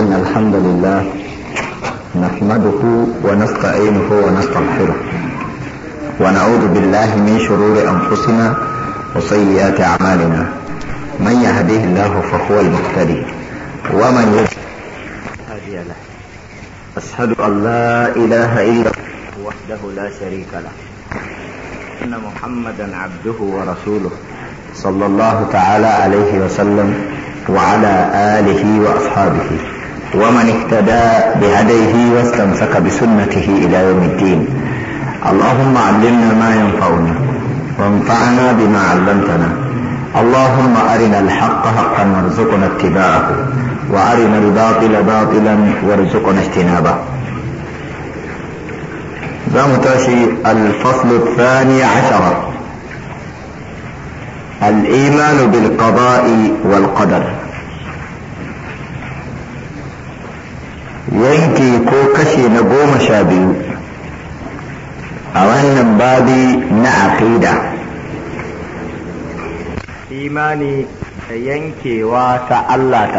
إن الحمد لله نحمده ونستعينه ونستغفره ونعوذ بالله من شرور أنفسنا وسيئات أعمالنا من يهديه الله فهو المقتدي ومن يضلل هادي له أشهد أن لا إله إلا الله وحده لا شريك له أن محمدا عبده ورسوله صلى الله تعالى عليه وسلم وعلى آله وأصحابه ومن اهتدى بهديه واستمسك بسنته إلى يوم الدين اللهم علمنا ما ينفعنا وانفعنا بما علمتنا اللهم أرنا الحق حقا وارزقنا اتباعه وأرنا الباطل باطلا وارزقنا اجتنابه زمتشي الفصل الثاني عشر الإيمان بالقضاء والقدر yanki ko kashe na goma sha biyu a wannan babi na aqida imani da yankewa ta Allah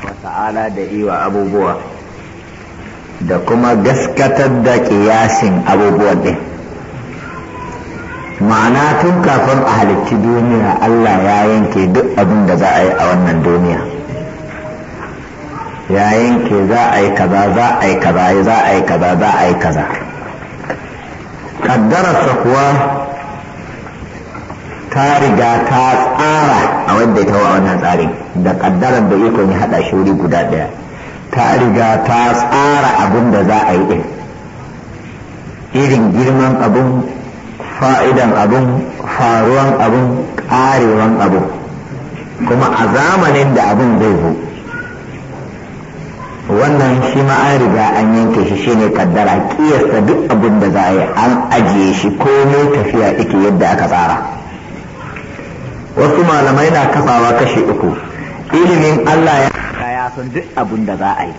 ta ta'ala da iwa abubuwa da kuma gaskatar da kiyasin abubuwa ɗin ma'ana tun kafin a halicci duniya Allah ya yanke duk abin da za a yi a wannan duniya yayin ke za a yi kaza za a yi kaza za a yi kaza za a yi kaza kaddararsa kuwa ta riga ta tsara a wadda ta wa wannan tsarin da kaddarar da ikon ya hada shuri guda daya ta riga ta tsara abin da za a yi din irin girman abin fa'idan abin faruwan abin karewan abin kuma a zamanin da abin zai zo wannan shi ma an riga an yanke shi shine kaddara kiyasta duk abin da za a yi an ajiye shi komai tafiya ike yadda aka tsara wasu malamai na kafawa kashe uku ilimin Allah ya kaya sun duk abin da za a yi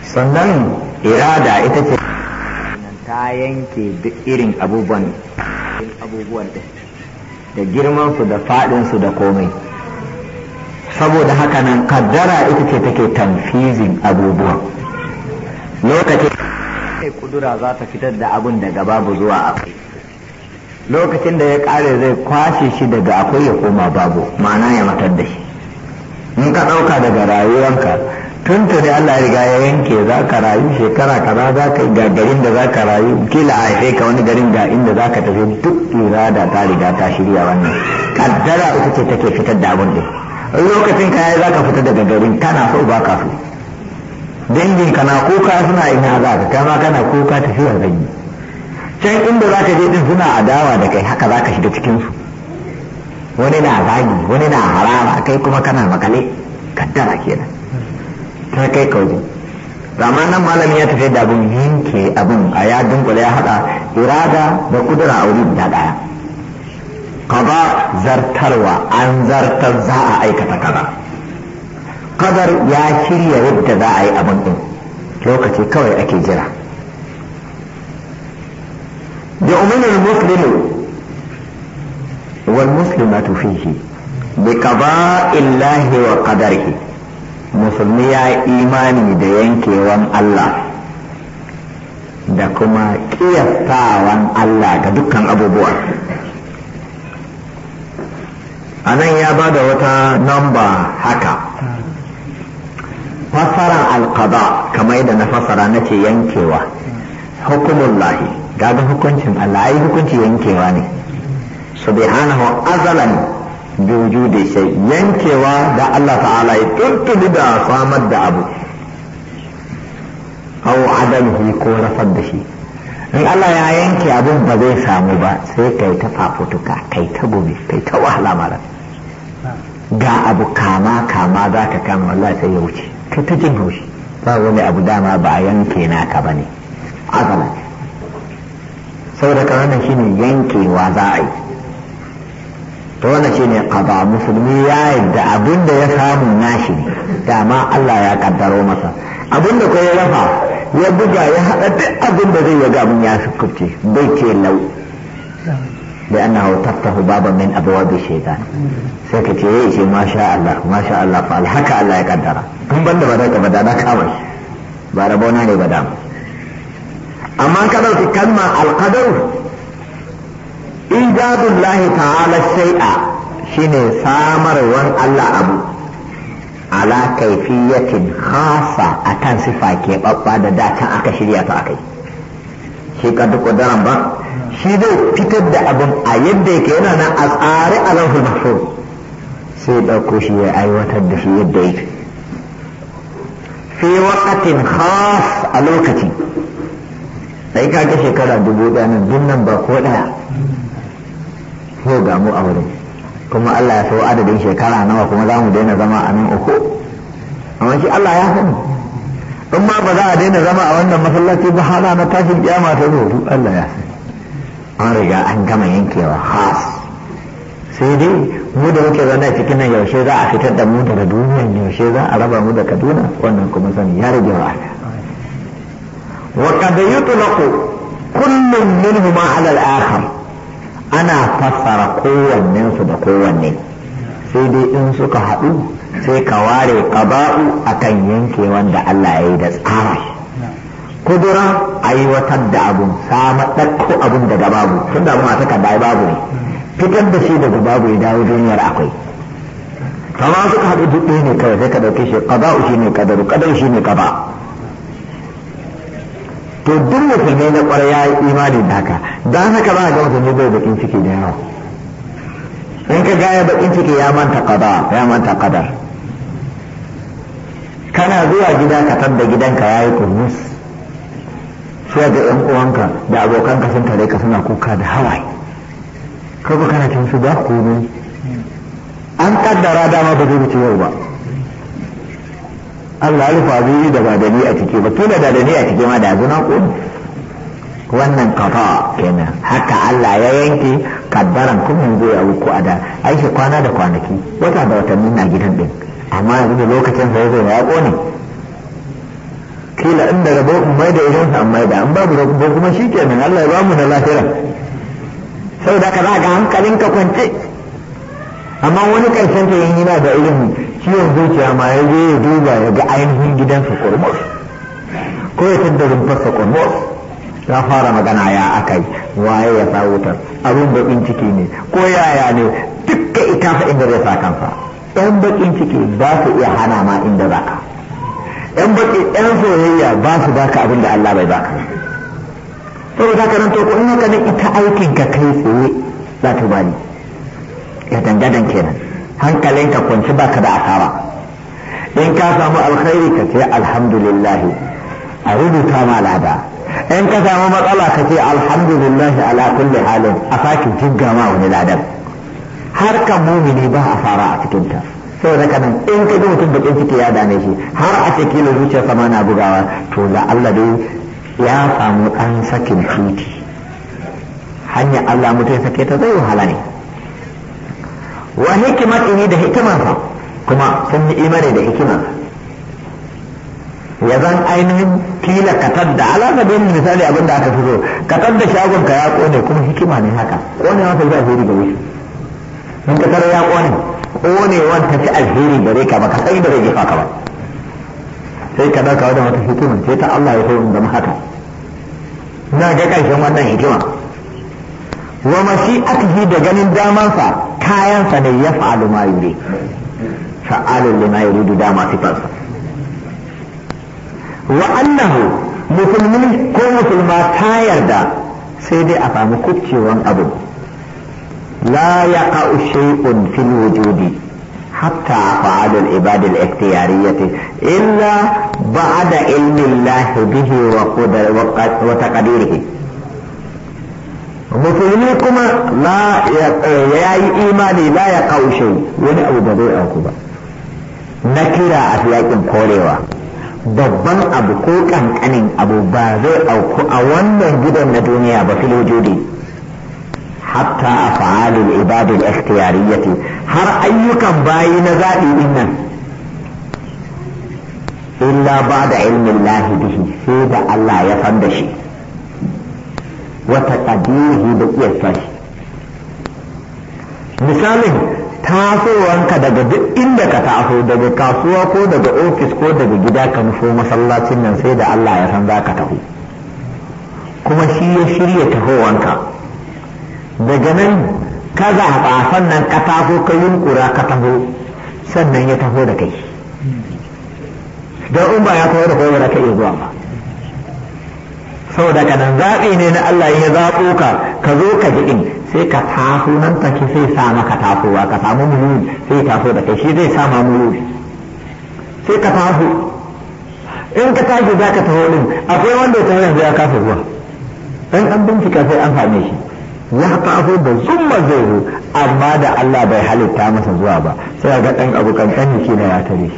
sannan irada ita ce ta yanke duk irin abubuwan da girman da faɗin su da komai saboda haka nan kaddara ita ce take tamfizin abubuwa lokacin kudura za ta fitar da daga babu zuwa akwai lokacin da ya kare zai kwashe shi daga akwai ya koma babu ma'ana ya matar da shi in ka ɗauka daga rayuwanka tun tuni Allah ya riga ya yanke za ka rayu shekara kaza za ka ga garin da za ka rayu kila a haife ka wani garin ga inda za ka tafi duk irada ta riga ta shirya wannan kaddara ita ce take fitar da abun din lokacin ka za zaka fita daga garin kana so ba ka so dangin ka na kuka suna ina za ka kama kana kuka tafiya zan yi can inda za ka je din suna adawa da kai haka za ka shiga cikinsu wani na zagi wani na harama kai kuma kana makale kaddara kenan ta kai kauje amma nan malami ya tafi da abun yanke abin a ya dunkule ya haɗa irada da kudura a wurin guda ɗaya qada zartarwa an zartar za a aikata kaza kadar ya shirya yadda za a yi abin din lokaci kawai ake jira da umarnin muslimu wal na fihi bi qada'illahi wa qadarihi musulmi ya imani da yankewan Allah da kuma ƙiyastawan Allah ga dukkan abubuwa a nan ya ba da wata namba haka fassara alqada kamar yadda na fasara na ce yankewa hukumun lahi gaga hukuncin Allah ai hukunci yankewa ne subhanahu azalan juju da shai yankewa da Allah ta'ala ya tuntuni da samar da abu hau adalhi ko rafar da shi in Allah ya yanke abin ba zai samu ba sai kai ta fafutuka kai ta gobe kai ta wahala mara. ga abu kama kama za ka kama wallahi sai ya wuce to ta jin haushi ba wani abu dama ba a yanke naka ba ne azala saboda ka wannan shine yankewa za a yi to wannan shine qada musulmi ya yadda da ya samu nashi ne dama Allah ya kaddaro masa abinda ko ya rafa ya buga ya haɗa duk abinda zai ya mun ya sukubce bai ce lau da ana hauta ta hubaba min abuwa da shaidan sai ka ce yi ce masha'allah masha'allah fa alhaka Allah ya kaddara tun banda ba daga bada na ba da bauna ne ba da amma kadar su kalma alkadar in gadun lahi ta halashai a shi samarwar Allah abu ala kaifi yakin hasa a kan sifa ke babba da can aka shirya ta aka yi shekaru kudaran ba shi zai fitar da abin a yadda yake yana nan a tsare a lafi mahfuz sai ɗauko shi ya aiwatar da shi yadda yake fi wakatin khas a lokaci sai ga shekara dubu ɗaya nan duk nan ba ko ɗaya ko ga mu a wurin kuma Allah ya sau adadin shekara nawa kuma za mu daina zama a nan uku amma shi Allah ya sani in ma ba za a daina zama a wannan masallaci ba hana na tashin kiyama ta zo Allah ya sani an riga an gama yankewa has sai dai mu da muke zana cikin nan yaushe za a fitar da mu daga duniya yaushe za a raba mu da kaduna wannan kuma sani ya rage wa ala wa qad yutlaqu kullun minhuma ala al-akhar ana fassara kowannensu da kowanne sai dai in suka haɗu sai ka ware qaba'u akan yankewan da Allah ya yi da tsara kudura aiwatar da abun samar ɗauko abun daga babu tun da abun a takarda babu ne fitar da shi daga babu ya dawo duniyar akwai kama suka haɗu duk ɗaya ne kawai sai ka ɗauke shi ƙaba'u shi ne ƙadaru ƙadar shi ne ƙaba to duk musulmi na ƙwarar ya yi imani da haka don haka ba ga musulmi bai bakin ciki da yawa in ka gaya bakin ciki ya manta ƙaba ya manta ƙadar kana zuwa gida ka tabba gidanka ya yi kurmus sai ga yan uwanka da abokan ka sun tare ka suna kuka da hawaye ka ba kana cin su ba ne an kaddara dama ba zai wuce yau ba Allah ya rufa da ba dani a cike, ba kila da dadani a cike ma da zuna kun wannan kafa kenan haka Allah ya yanke kaddaran kuma yanzu ya wuku a da aiki kwana da kwanaki wata da watanni na gidan din amma yanzu da lokacin sai zai ya kone kila inda rabo in mai da irin an mai da an babu rabo kuma shi Allah ya ba mu na lahira da ka za ga hankalin ka kwance amma wani karshen ta yin yana da irin ciwon zuciya ma ya je ya duba ya ga ainihin gidansa kurmus ko ya tadda rumfarsa kurmus ya fara magana ya akai waye ya sa wutar abin bakin ciki ne ko yaya ne dukkan ita fa inda zai sa kansa ɗan bakin ciki ba su iya hana ma inda za yan baki yan soyayya ba su baka abin da Allah bai baka saboda haka nan to ko ina ka ne ita aikin ka kai tsaye za ta bani ya dangadan kenan hankalin ka kwanci ba ka da asara in ka samu alkhairi ka ce alhamdulillah a rubuta ma lada in ka samu matsala ka ce alhamdulillah ala kulli halin a sake jigga ma wani ladan har kan mumini ba fara a cikinta. sau da kanan in ka ga mutum bakin ciki ya dame shi har a ce kila zuciyar sama na bugawa to la Allah dai ya samu ɗan sakin titi hanya Allah mutum sake ta zai wahala ne wa ini da fa kuma sun yi imare da hikima ya zan ainihin kila katar da alaƙa bin misali abin da aka fi so katar da shagon ka ya kone kuma hikima ne haka kone wata zai zai da wuce in ka ya kone ƙonewar ta fi alheri gareka ka ba ka da rage faka ba sai ka dauka wajen wata hikima sai ta Allah ya koyi da haka na ga ƙarshen wannan hikima wa mashi'atihi da ganin damansa kayansa ne ya fa'alu ma yuri fa'alun lima yuridu dama sifarsa wa annahu musulmi ko musulma ta yarda sai dai a samu kubcewan abu لا يقع شيء في الوجود حتى أفعال العباد الاختيارية إلا بعد علم الله به وتقديره musulmi kuma ya yi imani la ya kaushe wani abu ba zai auku ba na kira a yakin korewa babban abu ko kankanin abu ba zai auku a wannan gidan na duniya ba filojodi hatta أفعال العباد الاختيارية har ayyukan bayi na zaɓi إلا illa ba'da ilmin lahi bihi sai da Allah ya san da shi misalin tasowanka daga duk inda ka taso daga kasuwa ko daga ofis ko daga gida ka nufo masallacin nan sai da Allah ya san za ka taho kuma shi ya shirya wanka. daga nan ka zaɓa sannan ka taso ka yunkura ka taho sannan ya taho da kai don in ba ya taho da kowa da ka iya zuwa ba saboda ka nan zaɓi ne na Allah ya zaɓo ka ka zo ka ji in sai ka taso nan take sai sa maka tafowa ka samu mulu sai taso da kai shi zai sama mulu sai ka taso in ka tashi za ka taho din akwai wanda ya taho yanzu ya kafa zuwa dan an bincika sai an same shi ya taho da zumma zai zo amma da Allah bai halitta masa zuwa ba sai ga ɗan abu kankani ke na ya tare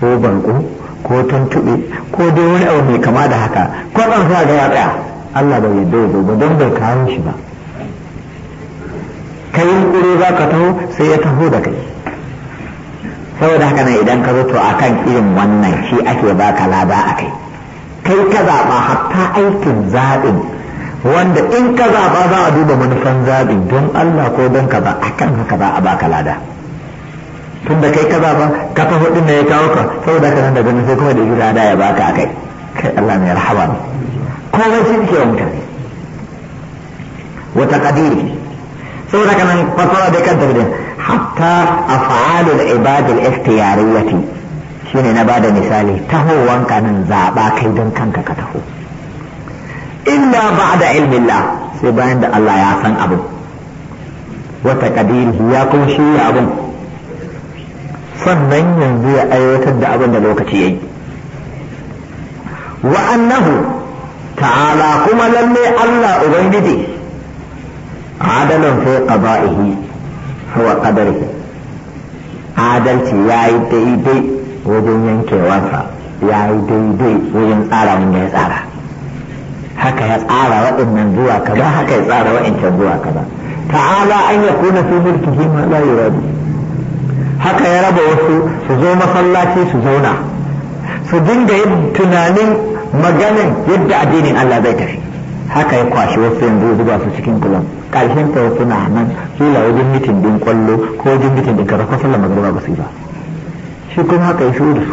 ko banko ko tantube ko dai wani abu mai kama da haka ko ɗan fara ga ya Allah bai yarda ya ba don bai kawo shi ba kai kure za ka taho sai ya taho da kai saboda haka nan idan ka zo to akan irin wannan shi ake baka laba akai. kai kai ka zaɓa hatta aikin zaɓin wanda in ka zaɓa za a duba manufan zaɓi don Allah ko don ka ba kan haka ba a baka lada tun da kai ka zaɓa ka fa hudu da ya kawo ka saboda ka nan da ganin sai kuma da gida da ya baka a kai kai Allah mai rahama ne wai shi ke wanka ne wata kadiri saboda ka nan fasara da kanta da hatta af'alul ibadil ikhtiyariyati shine na bada misali taho wanka nan zaɓa kai don kanka ka taho illa ba'da ilmillah sai bayan da Allah ya san abin wata kadir ya kuma shirya abin sannan yanzu ya aiwatar da abin da lokaci ya yi wa annahu ta'ala kuma lalle Allah ubangiji adalan fi qada'ihi huwa qadarihi adalci yayi daidai wajen yankewarsa yayi daidai wajen tsara wanda ya tsara haka ya tsara waɗannan zuwa kaza haka ya tsara waɗancan zuwa kaza ta'ala an ya kuna fi shi ma la yuradu haka ya raba wasu su zo masallaci su zauna su dinga yin tunanin maganin yadda addinin Allah zai tafi haka ya kwashi wasu yanzu zuba su cikin kulan ƙarshen ta wasu na nan kila wajen mitin din kwallo ko wajen mitin din kaza ko sallar magana ba su yi ba shi kuma haka ya shiru da su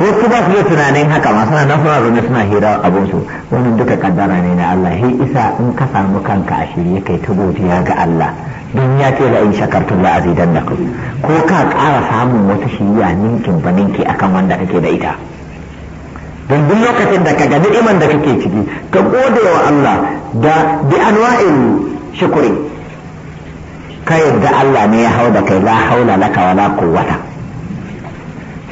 wasu ba su da tunanin haka ma suna nan suna zaune suna hira abin su wannan duka kaddara ne na Allah hi isa in ka samu kanka a shirye kai ta godiya ga Allah don ya ce la in shakartum la azidannakum ko ka ƙara samun wata shiriya ninkin ba ninki akan wanda kake da ita don lokacin da ka ga ni'iman da kake ciki ka gode wa Allah da bi anwa'in shukuri ka yadda Allah ne ya hau da kai la haula laka wala quwwata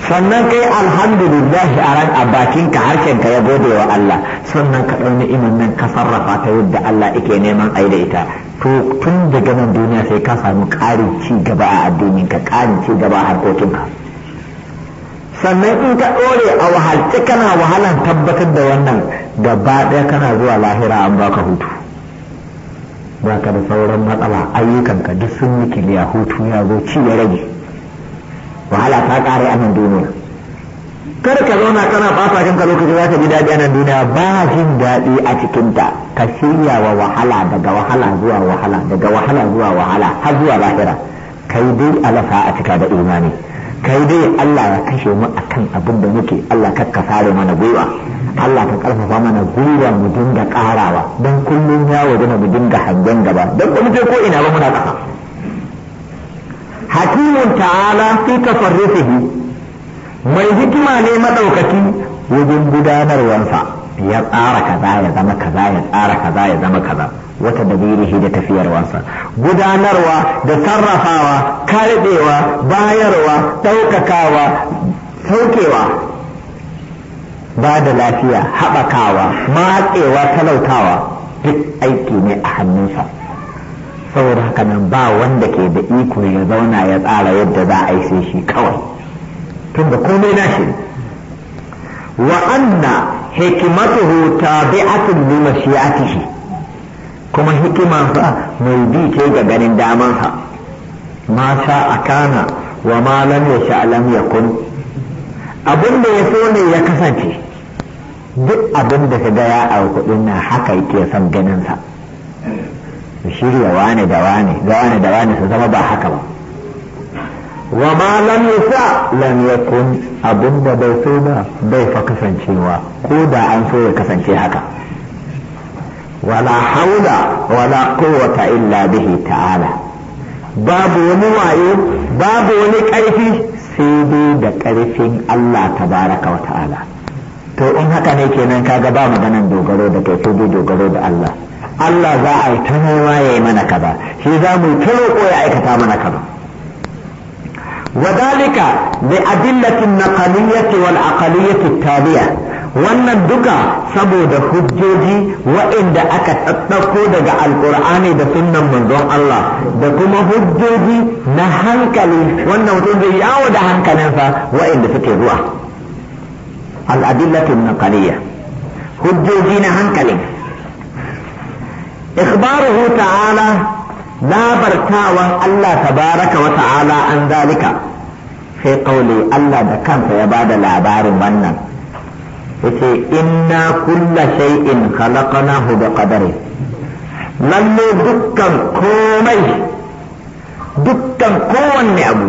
sannan kai alhamdulillah a ran a bakinka ka ya gode wa Allah sannan ka ɗau ni'imar nan ka sarrafa ta yadda Allah yake neman ai da ita to tun daga nan duniya sai ka samu ƙarin ci gaba a addinin ka, ƙarin ci gaba a harkokin ka, sannan in ka ɗore a wahalci kana wahalan tabbatar da wannan gaba ɗaya kana zuwa lahira an baka hutu baka da sauran matsala ayyukan ka duk sun yi kiliya hutu ya zo ci ya rage wahala ta kare a nan duniya kar ka zauna kana fasa kan ka lokaci za ka ji daɗi a nan duniya ba jin daɗi a cikin ta ka shirya wa wahala daga wahala zuwa wahala daga wahala zuwa wahala har zuwa lahira kai dai alafa a cika da imani kai dai Allah ya kashe mu akan abin da muke Allah ka fare mana gwiwa Allah ka karfafa mana gwiwa mu dinga karawa don kullum ya waje mu dinga hangen gaba dan ba mu je ko ina ba muna kafa. hakimun ta'ala fi tafarrufihi mai hikima ne madaukaki wajen gudanarwansa ya tsara kaza ya zama kaza ya tsara kaza ya zama kaza wata dabirihi da tafiyarwansa gudanarwa da sarrafawa karbewa bayarwa ɗaukakawa saukewa ba da lafiya haɓakawa matsewa talautawa duk aiki ne a hannunsa saboda haka nan ba wanda ke da iko ya zauna ya tsara yadda za a yi sai shi kawai tun da komai na shi wa anna hikimatuhu tabi'atun li mashi'atihi kuma hikimansa mai bi ce ga ganin daman sa ma sha akana wa ma lam yasha lam yakun abin da ya so ne ya kasance duk abin da ka ga ya auku na haka yake son ganin sa shirya wane da wane da wane da wane su zama ba haka ba wa ma lam yusa lam yakun da bai so ba bai fa kasancewa ko da an so ya kasance haka wala haula wala quwwata illa bihi ta'ala babu wani wayo babu wani karfi sai dai da karfin Allah tabaraka wa ta'ala to in haka ne kenan kaga ba maganan dogaro da kai sai dai dogaro da Allah Allah za a yi ta ya yi mana kaza shi za mu yi ta roƙo ya aikata mana kaza وذلك بأدلة النقلية والعقلية التالية wannan duka saboda hujjoji wa'inda aka ɗaɗɗauko daga alkur'ani da sunnan manzon Allah da kuma hujjoji na hankali wannan mutum zai yawo da hankalinsa waɗanda suke zuwa al'adillatin naqaliyya hujjoji na hankali Ikbaruhu ta'ala labartawan Allah tabaraka wa ta'ala an zalika sai ƙaule Allah da kansa ya bada labarin wannan yace inna kulla shay'in khalaqnahu bi qadari lalle dukkan komai dukkan kowanne abu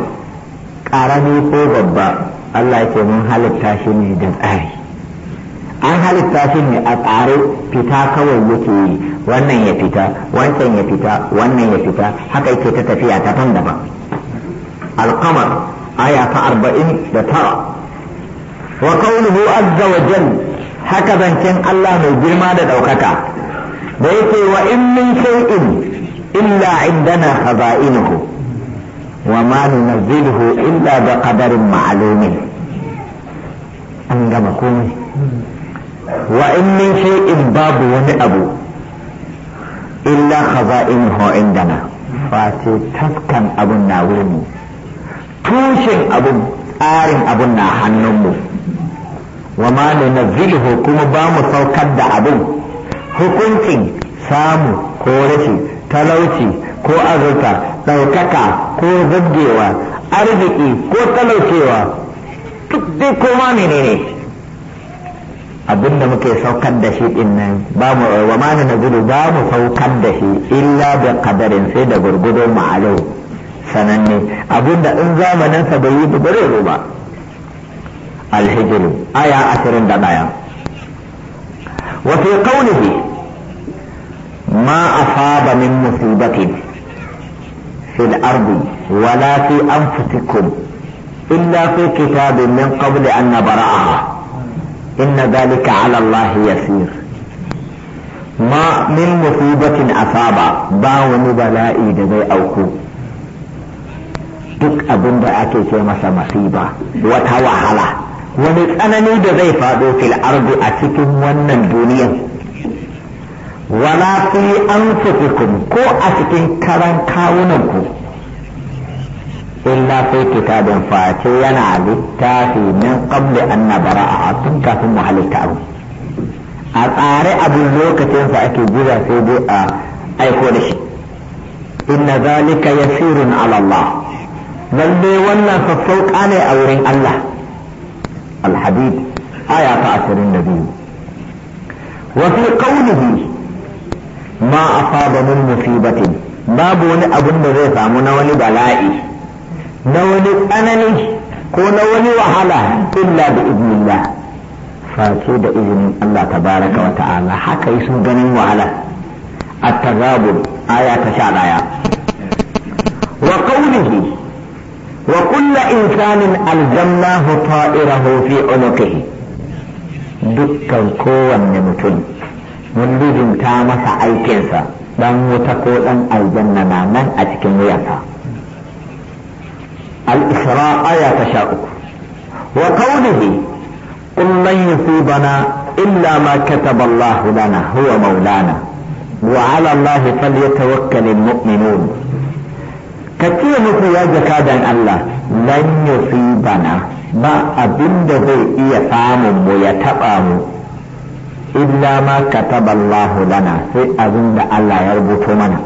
karami ko babba Allah yake mun halitta shi ne da tsari an halitta shi ne a tsare fita kawai yake yi wannan ya fita wancan ya fita wannan ya fita haka yake ta tafiya ta tan daban alqamar aya ta arba'in da tara wa qawluhu azza wa jal haka zancen Allah mai girma da ɗaukaka. da yake wa in min shay'in illa indana khaza'inuhu wa ma nunazziluhu illa bi qadarin ma'lumin an gama komai wa in min shay'in babu wani abu illa khaza'inuhu indana face taskan abun na wurin tushen abun tsarin abun na hannun wa ma nunazziluhu kuma ba mu saukar da abun hukuncin samu ko rashi talauci ko azurta ɗaukaka ko zabgewa arziki ko talaucewa duk dai koma menene abinda muke saukar da shi din nan ba mu wa ma na gudu ba mu saukar da shi illa da qadarin sai da gurgudo ma'alau sananne abinda in zamanin sa bai yi ba bare ba alhijr aya 21 wa fi qawlihi ma asaba min musibatin fil ardi wala fi anfusikum illa fi kitabin min qabli an nabra'aha إن ذلك على الله يسير ما من مصيبة wani باو بلائي دزي أوكو duk abin da ake ce masa masiba wata wahala wani tsanani da zai faɗo fil ardu a cikin wannan duniyan wala fi an ko a cikin karan kawunanku ku illa fi kitabin face yana littafi min qabli annabara a tun kafin mu halitta abu a tsare abin lokacin sa ake jira sai dai a aiko da shi inna zalika yasirun ala Allah lalle wannan sassauƙa ne a wurin Allah alhadid aya ta ashirin da biyu wa fi qawlihi ma asaba min musibatin babu wani abun da zai samu na wani bala'i na wani tsanani ko na wani wahala illa da iznillah face da izinin Allah tabaraka wa ta'ala haka yi sun ganin wahala التغابن آية wa آية وقوله وكل إنسان ألزمناه طائره في عنقه dukkan kowanne mutum mun lizinta masa aikinsa dan wuta ko dan aljanna na nan a cikin wuyarsa al-isra aya ta sha uku wa qawlihi qul lan illa ma kataba Allah lana huwa maulana wa 'ala Allah falyatawakkalul mu'minun kace muku ya jakadan Allah lan yusibana ba abin da zai iya samun mu ya taɓa mu illa ma kataba Allah lana sai abinda Allah ya rubuta mana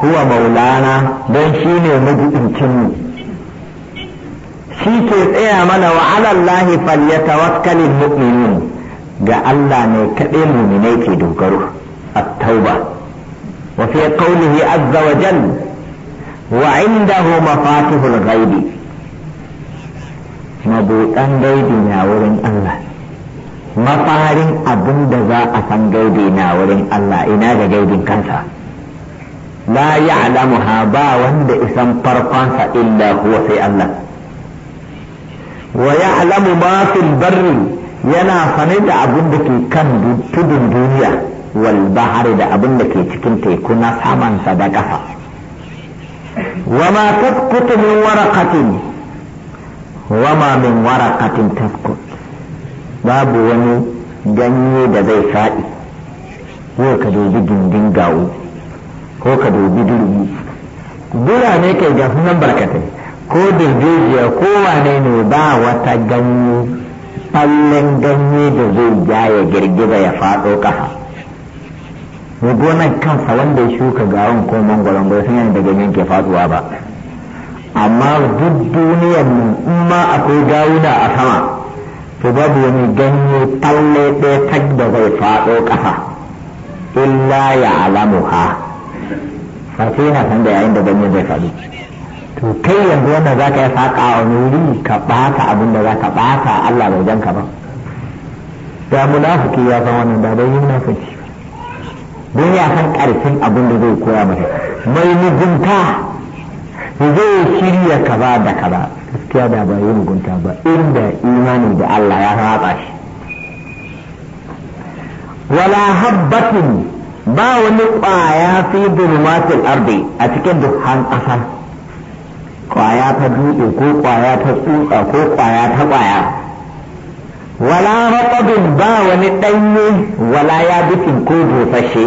kuwa maulana don shi ne mu shi ke tsaya mana wa alallahi falyatawakkalin mu'minin ga Allah ne kaɗai muminai ke dogaro at-tauba wa fi qawlihi azza wa jal wa indahu mafatihul ghaibi mabuɗan gaibi na wurin Allah mafarin abin da za a san gaibi na wurin Allah ina ga gaibin kansa la ya'lamuha ba wanda isan farkonsa illa huwa sai Allah wa ya'lamu ma fil barri yana sane da abin da ke kan tudun duniya walbahari da abin da ke cikin teku na samansa da ƙasa wa ma tasqutu min waraqatin wa ma babu wani ganye da zai faɗi yau ka dubi gindin gawo ko ka dubi durbi birane kai ga sunan barkatai ko dirjejiya ko wane ne ba wata ganye ballen ganye da zai ja ya girgiza ya faɗo ƙasa mai gonar kansa wanda ya shuka gawan ko mangwaron bai sun yana da ganyen ke faɗuwa ba amma duk duniyar mu in ma akwai gawuna a sama to babu wani ganye talle ɗaya tag da zai faɗo ƙasa illa ya alamu ha. ba sai yana san da yayin da ganyen zai faru to kai yanzu wannan za ka yi faƙa a wuri ka ɓata abin da za ka ɓata Allah bai jan ka ba da munafiki ya san wannan da bai yi munafiki don ya san ƙarfin abin da zai koya masa mai mugunta zai shirya kaza da kaza gaskiya da ba yi mugunta ba inda imani da Allah ya ratsa shi wala habbatin ba wani kwaya fi dulumatul ardi a cikin dukkan ƙasa kwaya ta dutse ko kwaya ta tsutsa ko kwaya ta ƙwaya wala raƙabin ba wani ɗanye wala ya bikin ko busashe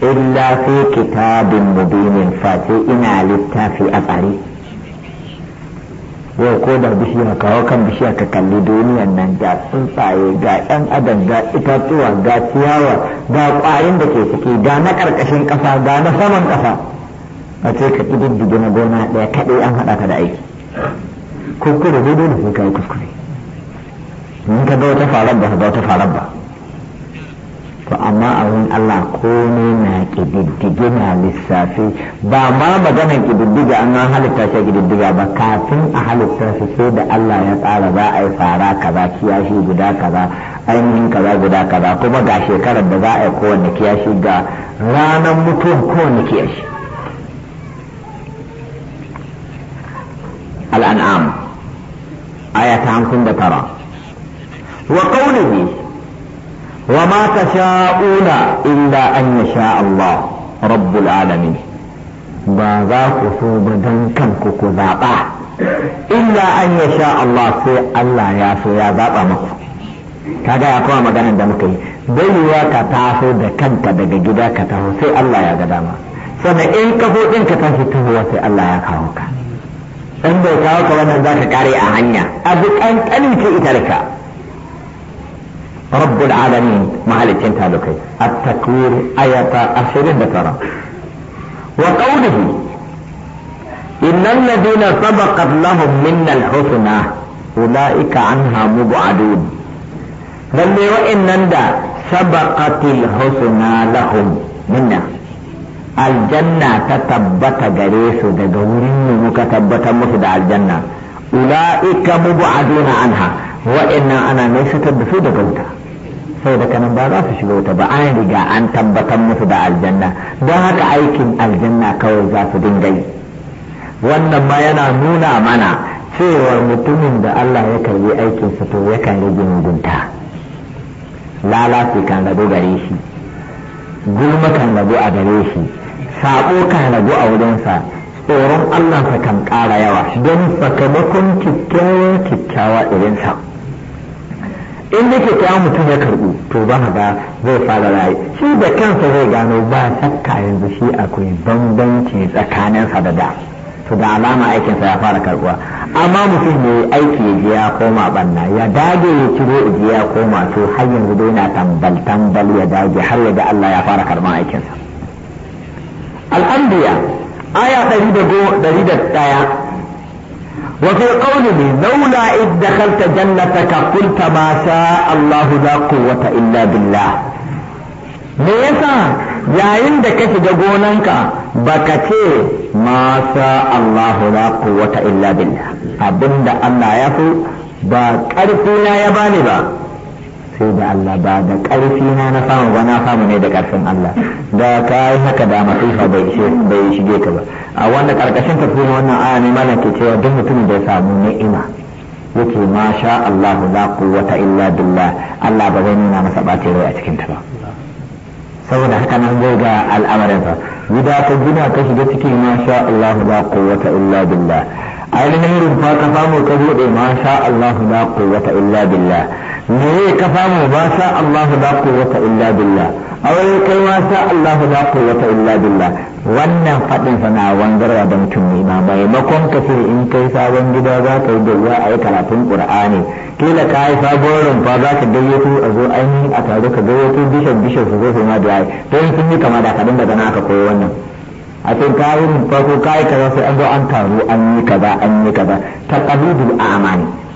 illa fi kitabin mubinin face ina littafi a tsare yau ko da bishiya kawo kan bishiya ka kalli duniyan nan ga tsuntsaye ga yan adam ga itatuwa ga ciyawa ga kwayin da ke ciki ga na ƙarƙashin ƙasa ga na saman ƙasa a ce ka ƙididdige na gona ɗaya kaɗai an haɗa ka da aiki kuskure dai dole sai ka kuskure in ka ga wata farar ba ka ga wata farar ba to amma a wurin Allah komai na ƙididdige na lissafi ba ma maganar kididdiga an an halitta shi ƙididdiga ba kafin a halitta shi sai da Allah ya tsara za a yi fara kaza kiyashi guda kaza ainihin kaza guda kaza kuma ga shekarar da za a yi kowanne kiyashi ga ranar mutuwar kowanne kiyashi al'an'am aya ta da tara wa qawlihi wa ma tasha'una illa an yasha Allah rabbul ba za ku so ba dan kanku ku zaba illa an yasha Allah sai Allah ya so ya zaba maku kaga ya kuma maganar da muka yi baiwa ka taso da kanta daga gida ka taho sai Allah ya ga dama sannan in kafo din ka tashi tahowa sai Allah ya kawo ka in bai kawo ka wannan za ka kare a hanya abu kankani ce ita rabbul alamin mahalicin ayata 29 wa qawlihi innal ladina sabaqat lahum minna husna ulaika anha mub'adun lalle da sabaqatil husna lahum ta tabbata gare su daga wurin mu muka tabbatar musu da aljanna ulaika mub'aduna anha ana da su saboda kanan ba za su shiga wuta ba an riga an tabbatar musu da aljanna don haka aikin aljanna kawai za su dinga yi wannan ma yana nuna mana cewa mutumin da Allah ya karbi aikinsa to yakan rage mugunta lalace kan rabu gare shi gulma kan rabu a gare shi sabo kan rabu a wurinsa tsoron Allah sa kan ƙara yawa don sakamakon kyakkyawa kyakkyawa irinsa. in da ke kawo mutum ya karbu to ba ba zai fara rayu shi da kansa zai gano ba shakka yanzu shi akwai bambanci tsakaninsa da da to da alama aikinsa ya fara karbuwa amma mutum ne aiki ya ji ya koma banna ya dage ya ciro ya ji ya koma to har yanzu dai na tambal tambal ya dage har ya ga Allah ya fara karban aikinsa al'ambiya aya ɗari da ɗaya وفي قوله لولا إذ دخلت جنتك قلت ما شاء الله لا قوة إلا بالله me yasa yayin da ka shiga gonanka ba ka ce ma sha Allahu la quwwata illa billah abinda Allah ya fi ba ƙarfi na ya bani ba sai da Allah ba da ƙarfi na na samu ba na samu ne da ƙarfin Allah da ka yi haka da masifa bai shige ka ba a wanda ƙarƙashin tafsirin wannan aya ne mana ke cewa duk mutumin da ya samu ni'ima yake ma sha Allah la quwwata illa billah Allah ba zai nuna masa ɓacin rai a cikin ta ba saboda haka nan zai ga al'amarin ba gida ka gina ka shiga cikin ma sha Allah la quwwata illa billah ainihin rumfa ka samu ka buɗe ma sha Allah la quwwata illa billah me ka famu ba sa Allahu la quwwata illa billah aure kai ma sa Allahu la quwwata illa billah wannan fadin na wangarwa da mutum ne ma ka ce in kai sabon gida za ka yi dawa a yi karatun qur'ani kila ka yi sabon rumfa za ka gayyato a zo ainihin a taro ka gayyato bishop bishop su zo su ma da yayi don sun yi kama da kadan daga naka koyo wannan a cikin kayan farko kayi kaza sai an zo an taru an yi kaza an yi kaza taqalidul amani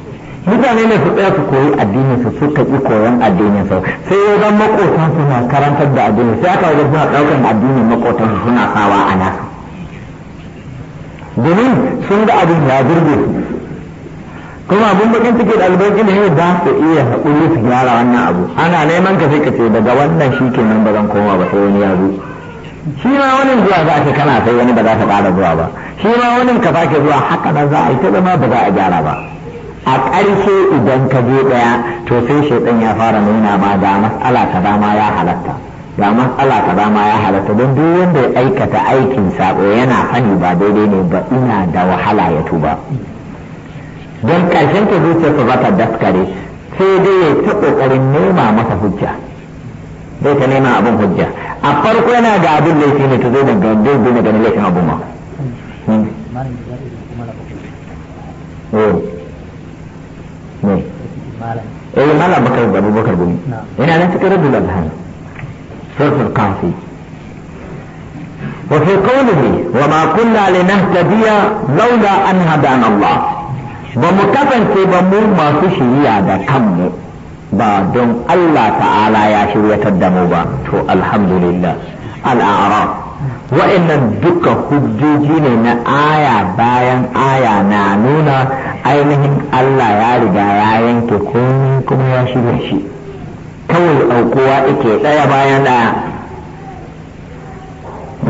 mutane ne su tsaya su koyi addinin su suka ƙi koyon addinin su sai ya zan makotan su na karantar da addinin sai aka wajen suna ɗaukar addinin makotan su suna sawa a nasu domin sun ga abin ya zurge su kuma abin bakin ciki da albarkin ne ba su iya haƙuri su gyara wannan abu ana neman ka sai ka ce daga wannan shi ke nan ba zan koma ba sai wani ya zo shi ma wani zuwa za ka kana sai wani ba za ta ƙara zuwa ba shi ma wani ka ke zuwa haka nan za a yi ta zama ba za a gyara ba a ƙarshe idan ka je ɗaya to sai shaidan ya fara nuna ma ga mas'ala ta dama ya halatta ga mas'ala ta dama ya halatta don duk wanda ya aikata aikin sabo yana fani ba daidai ne ba ina da wahala ya tuba don ƙarshen ta zuciyarsa za ta daskare sai dai ya ta ƙoƙarin nema masa hujja zai ta nema abin hujja a farko yana da abin laifi ne ta zai daga zai daga laifin ne eh mala bakar da abubakar ina nan cikin rabu lalhan sarfin kafi wa fi wa ma kunna li nahtadiya lawla an hada Allah ba mu kasance ba mu masu shiriya da kanmu ba don Allah ta'ala ya shiryatar da mu ba to alhamdulillah al-a'raf wa'annan duka hujjoji ne na aya bayan aya na nuna ainihin Allah ya riga ya yanke komai kuma ya shirya shi kawai aukuwa ike ɗaya bayan ɗaya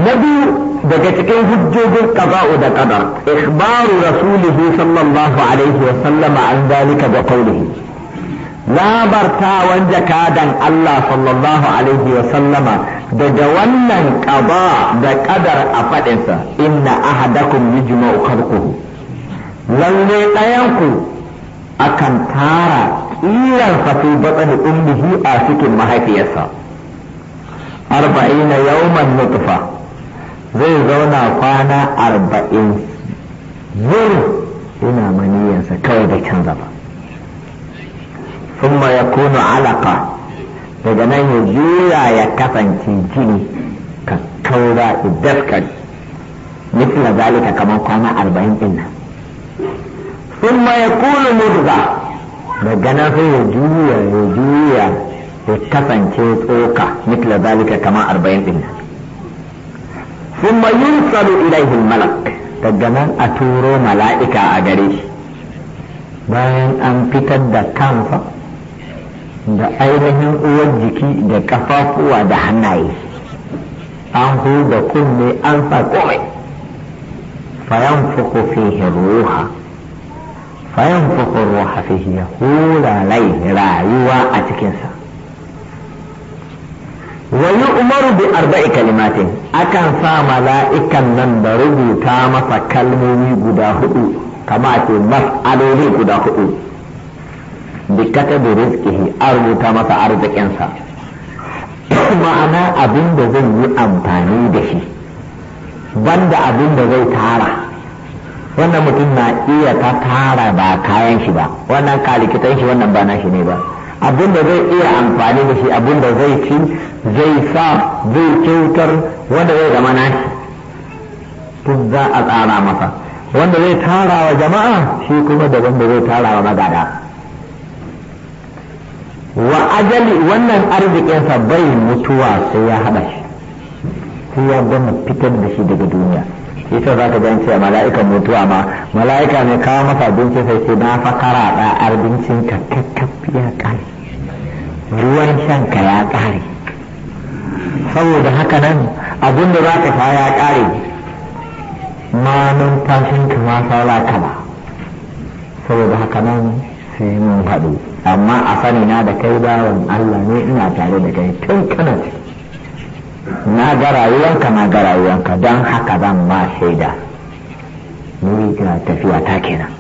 na biyu daga cikin hujjojin ƙaza'u da qadar ikhbaru rasulihi sallallahu alaihi wa sallama an zalika da qawlihi labartawan jakadan Allah sallallahu alaihi wa daga wannan ƙaba da ƙadar a faɗinsa inna ahadakum yujma'u khalquhu lalle ɗayanku akan tara ƙiran fi batsani ummihi a cikin mahaifiyarsa arba'ina yawman nutfa zai zauna kwana arba'in zuru ina maniyansa kawai da canza ba ثم يكون علقة daga nan ya jura ya kasance jini ka kaura daskari misla zalika kamar kwana arba'in din nan sun ma ya kula murza daga nan sai ya juya ya juya ya kasance tsoka misla zalika kamar arba'in din nan sun ma yursalu ilaihi malak daga nan a turo mala'ika a gare shi bayan an fitar da kansa da ainihin uwar jiki da kafafuwa da hannaye an huda kunne an sa komai fayan fuku fihi ruha fayan fuku ruha fihi ya hula lai rayuwa a cikinsa wani umaru bi arba'i kalimatin akan sa mala'ikan nan da rubuta masa kalmomi guda hudu kama ce mas'aloli guda hudu Dikata da rizkihi a rubuta masa arzikinsa ma'ana abin da zai yi amfani da shi banda abin da zai tara wannan mutum na iya ta tara ba kayan shi ba wannan kalikitan shi wannan ba na shi ne ba abin da zai iya amfani da shi abin da zai ci zai sa zai kyautar wanda zai zama na shi tun za a tsara masa wanda zai tara wa jama'a shi kuma daban da zai tara wa magada wa ajali wannan arzikinsa bai mutuwa sai ya haɗa shi sai ya gama fitar da shi daga duniya ita za ka gani cewa mala'ikan mutuwa ma mala'ika ne kawo masa abinci sai sai na fakara da abincin ka kakkaf ya kare ruwan shan ka ya kare saboda haka nan abin da za ka sha ya kare ma numfashin ka ma sala kala saboda haka nan sai mun haɗu amma a sani na da kai bawan Allah ne ina tare da kai tun kana na ga rayuwanka na ga rayuwanka don haka zan ma shaida ni ga tafiya ta kenan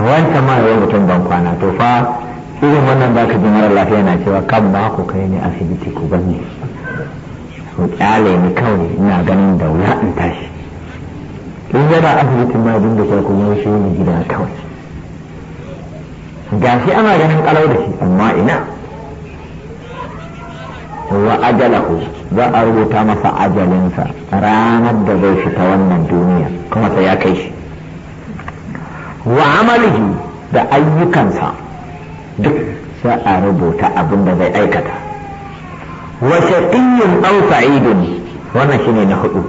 wancan ma yau mutum ban kwana to fa irin wannan ba ka ji mara lafiya na cewa kan ba ku kai ne asibiti ku bani ku kyale ni kawai ina ganin da in tashi in yana asibitin ma abin da ku shi ne gida kawai gashi ana ganin kalau da shi amma ina wa ajalahu za a rubuta masa ajalinsa ranar da zai fita wannan duniya kuma sai ya kai shi wa amalihi da ayyukansa duk za a rubuta abin da zai aikata wa shaqiyyun aw sa'idun wannan shine na hudu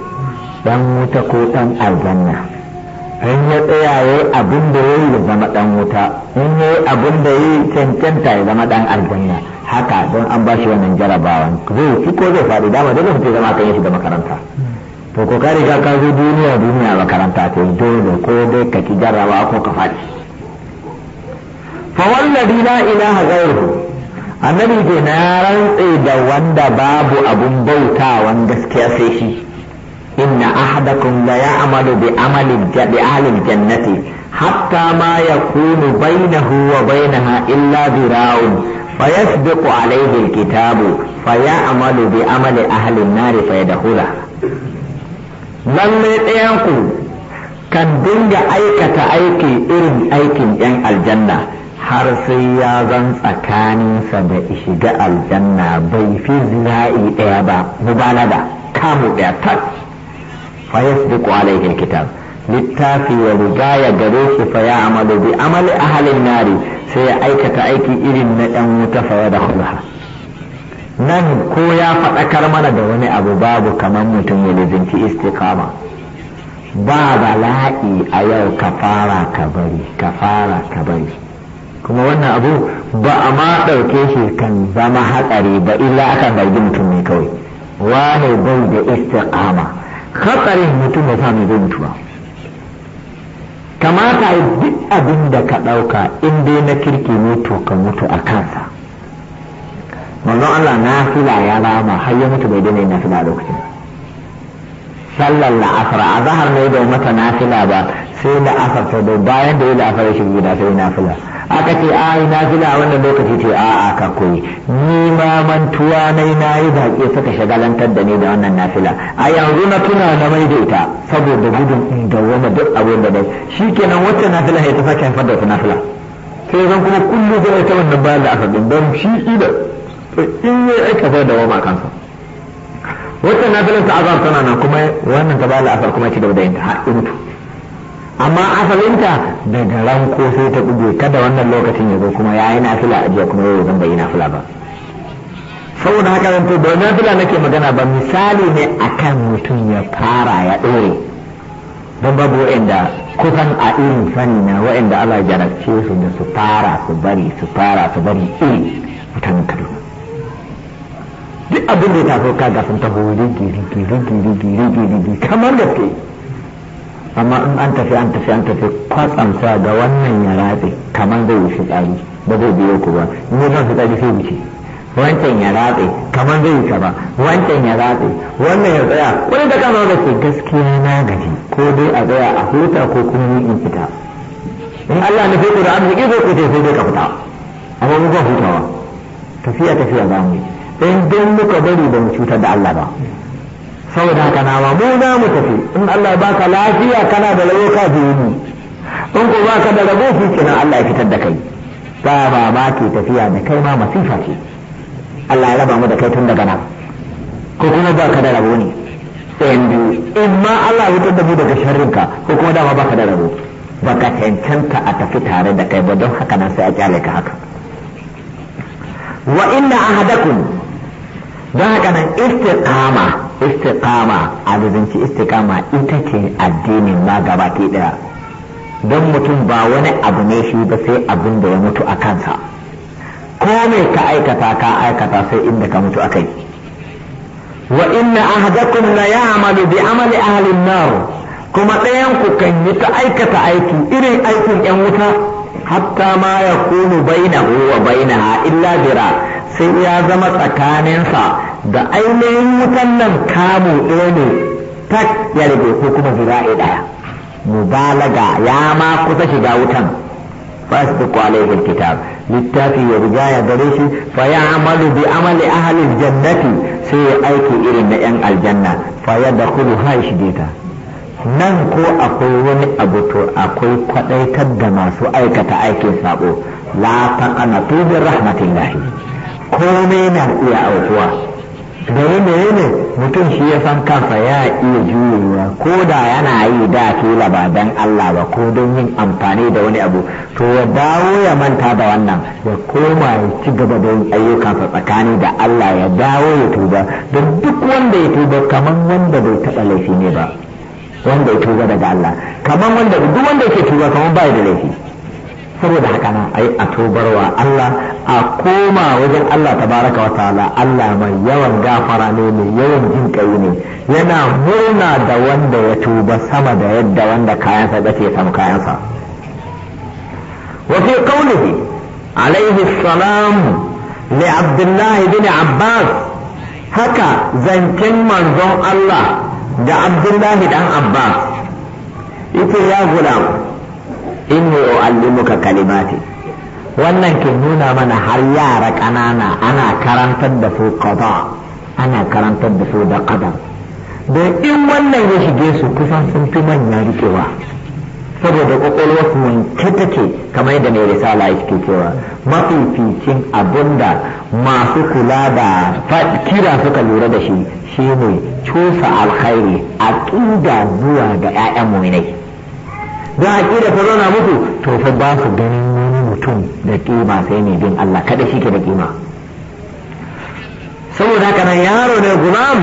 dan wuta ko dan aljanna in ya tsaya ya yi abin da ya yi ya zama dan wuta in ya yi abin da ya yi cancanta ya zama dan aljanna haka don an ba shi wannan jarabawan zai ci ko zai faɗi dama da mutum zama kan shi da makaranta to ko ka ka zo duniya duniya makaranta to dole ko dai ka ki jarraba ko ka faɗi fa wallazi la ilaha ghairu annabi ke na rantse da wanda babu abun bautawan gaskiya sai shi إن أحدكم ليعمل بعمل بأهل الجنة حتى ما يكون بينه وبينها إلا ذراع فيسبق عليه الكتاب فيعمل بعمل أهل النار فيدخلها lallai ɗayanku kan dinga aikata aiki irin aikin 'yan aljanna har sai ya zan tsakaninsa da shiga aljanna bai fi zira'i ɗaya ba mubalaga kamu ɗaya tak fa yasbiqu alaihi littafi ya riga ya gare su fa ya amalu bi amali ahalin nari sai ya aikata aiki irin na ɗan wuta fa ya da nan ko ya faɗakar mana da wani abu babu kamar mutum ya lizinci istiqama ba bala'i a yau ka fara ka bari ka fara ka bari kuma wannan abu ba a ma ɗauke shi kan zama hatsari ba illa akan zargi mutum ne kawai wane bai da istiqama hatsarin mutum ya samu zai mutuwa kamata yi duk abin da ka ɗauka in dai na kirki ne to ka mutu a kansa manzon Allah na fila ya rama har ya mutu bai daina na fila a lokacin sallar la'asar a zahar ne da mata na fila ba sai la'asar ta bayan da ya la'asar ya shiga gida sai na fila aka ce a na fila a wannan lokaci ce a a ka koyi ni ma mantuwa na yi na yi baƙi suka shagalantar da ni da wannan nafila a yanzu na tuna na mai da ita saboda gudun in wani duk abin da bai shi kenan wacce nafila ya ta sake haifar da wata nafila sai zan kuma kullum zai ta wannan bayan da aka bin don shi to in yi aika zai dawo a kansa wacce nafilin ta azar tana nan kuma wannan ta bayan da aka kuma ci gaba da yin ta har in mutu amma asalinta daga ran ko sai ta buge kada wannan lokacin ya zo kuma ya nafila a jiya kuma yau zan bai nafila ba saboda haka zan ba nafila nake magana ba misali ne akan mutum ya fara ya dore don babu wa'anda kusan a irin sani na wa'anda Allah jarabce su da su fara su bari su fara su bari iri mutanen Kaduna duk abin da ya taso kaga sun taho rigi rigi rigi rigi rigi kamar gaske amma in an tafi an tafi an tafi kwatsamsa ga wannan ya rabe kamar zai wuce tsari ba zai biyo ku ba in ya zan fitsari sai wuce wancan ya rabe kamar zai wuce ba wancan ya rabe wannan ya tsaya wani da kama da ke gaskiya na gaji ko dai a tsaya a huta ko kuma ni in fita in Allah na ku da amma ido ku sai dai ka fita amma mu ba hutawa tafiya tafiya za mu yi in dan muka bari ba mu cutar da Allah ba saboda haka nama mu na mu tafi in Allah baka lafiya kana da rabo ka je ni in ko baka da rabo shi kina Allah ya fitar da kai ba ba ba ke tafiya da kai ma masifa ce Allah ya raba mu da kai tun daga nan ko kuma baka da rabo ne in biyu in ma Allah ya fitar da mu daga sharrinka ko kuma dama baka da rabo baka cancanta a tafi tare da kai ba don haka nan sai a kyale ka haka wa inna ahadakum don haka nan istiqama istiqama adadinci istiqama ita ce addinin ma gaba ke daya don mutum ba wani abu ne shi ba sai abin da ya mutu a kansa ko mai ka aikata ka aikata sai inda ka mutu akai wa inna ahadakum la ya'malu bi amali ahli an-nar kuma ɗayan ku kan yi ta aikata aiki irin aikin yan wuta hatta ma yakunu bainahu wa bainaha illa dira sai ya zama tsakanin sa da ainihin wutan nan kamu ɗaya ne tak ya rage ko kuma zira'i ɗaya balaga ya ma kusa shiga wutan fas duk kitab littafi ya riga ya gare shi fa ya amalu bi amali ahalin jannati sai ya aiki irin na yan aljanna fa ya dakhulu ha shi ta nan ko akwai wani abu to akwai kwadaitar da masu aikata aikin sabo la ta ana rahmatillahi komai na iya aukuwa da yanayi ne mutum shi ya san kansa ya iya juyewa ko da yana yi da kila ba don Allah ba ko don yin amfani da wani abu to ya dawo ya manta da wannan ya koma ya ci gaba da yin ayyukansa tsakani da Allah ya dawo ya tuba don duk wanda ya tuba kamar wanda bai taɓa laifi ne ba wanda ya tuba daga Allah kamar wanda duk wanda ke tuba kamar bai da laifi saboda haka nan ai a tobarwa Allah a koma wajen Allah tabaraka taala Allah mai yawan gafara ne mai yawan jin kai ne yana murna da wanda ya tuba sama da yadda wanda kayansa da ke samu kayansa fi qawlihi alayhi السلام li abdullah ibn abbas haka زنتين manzon allah da Abdullahi dan Abbas ita ya gulamu inni u'allimuka kalimati wannan ke nuna mana har yara ƙanana ana karantar da su qada ana karantar da su da qadar don in wannan ya shige su kusan sun fi manya rikewa saboda kwakwalwar su mun take kamar da mai risala yake cewa mafificin abinda masu kula da kira suka lura da shi shine cusa alkhairi aqida zuwa ga 'ya'yan mu'minai da aƙida ta zauna musu to fa ba su ganin wani mutum da kima sai mai bin Allah kada shi ke da kima saboda haka nan yaro ne gulam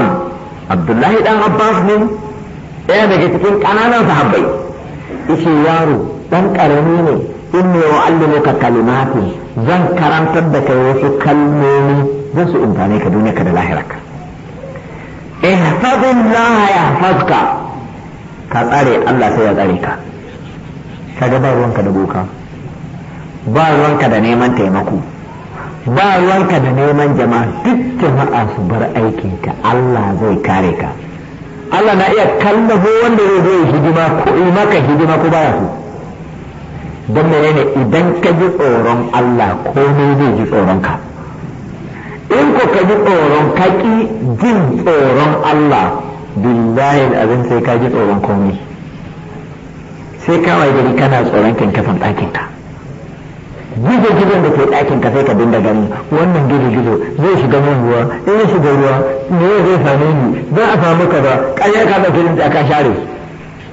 abdullahi dan abbas ne ɗaya daga cikin ƙananan sahabbai ishe yaro dan ƙarami ne inni wa allimuka kalimatin zan karantar da kai wasu kalmomi zan su imfane ka duniya ka da lahiraka a yahfazka ka tsare Allah sai ya tsare ka kaga ba ruwanka da boka ba ruwanka da neman taimako ba ruwanka da neman jama'a duk jama'a su bar aikinka Allah zai kare ka Allah na iya kallafo wanda zai zo hidima ko yi maka hidima ko baya su don ne idan ka ji tsoron Allah komai zai ji tsoron ka in ko ka ji tsoron ka ki jin tsoron Allah billahi abin sai ka ji tsoron komai sai kawai gari kana tsoron kyankyasan ɗakin ka gizo gizon da ke ɗakin ka sai ka dinga gani wannan gizo gizo zai shiga min ruwa in ya shiga ruwa me zai same ni za a samu ka ba ƙarya ka ɗauke ni ka share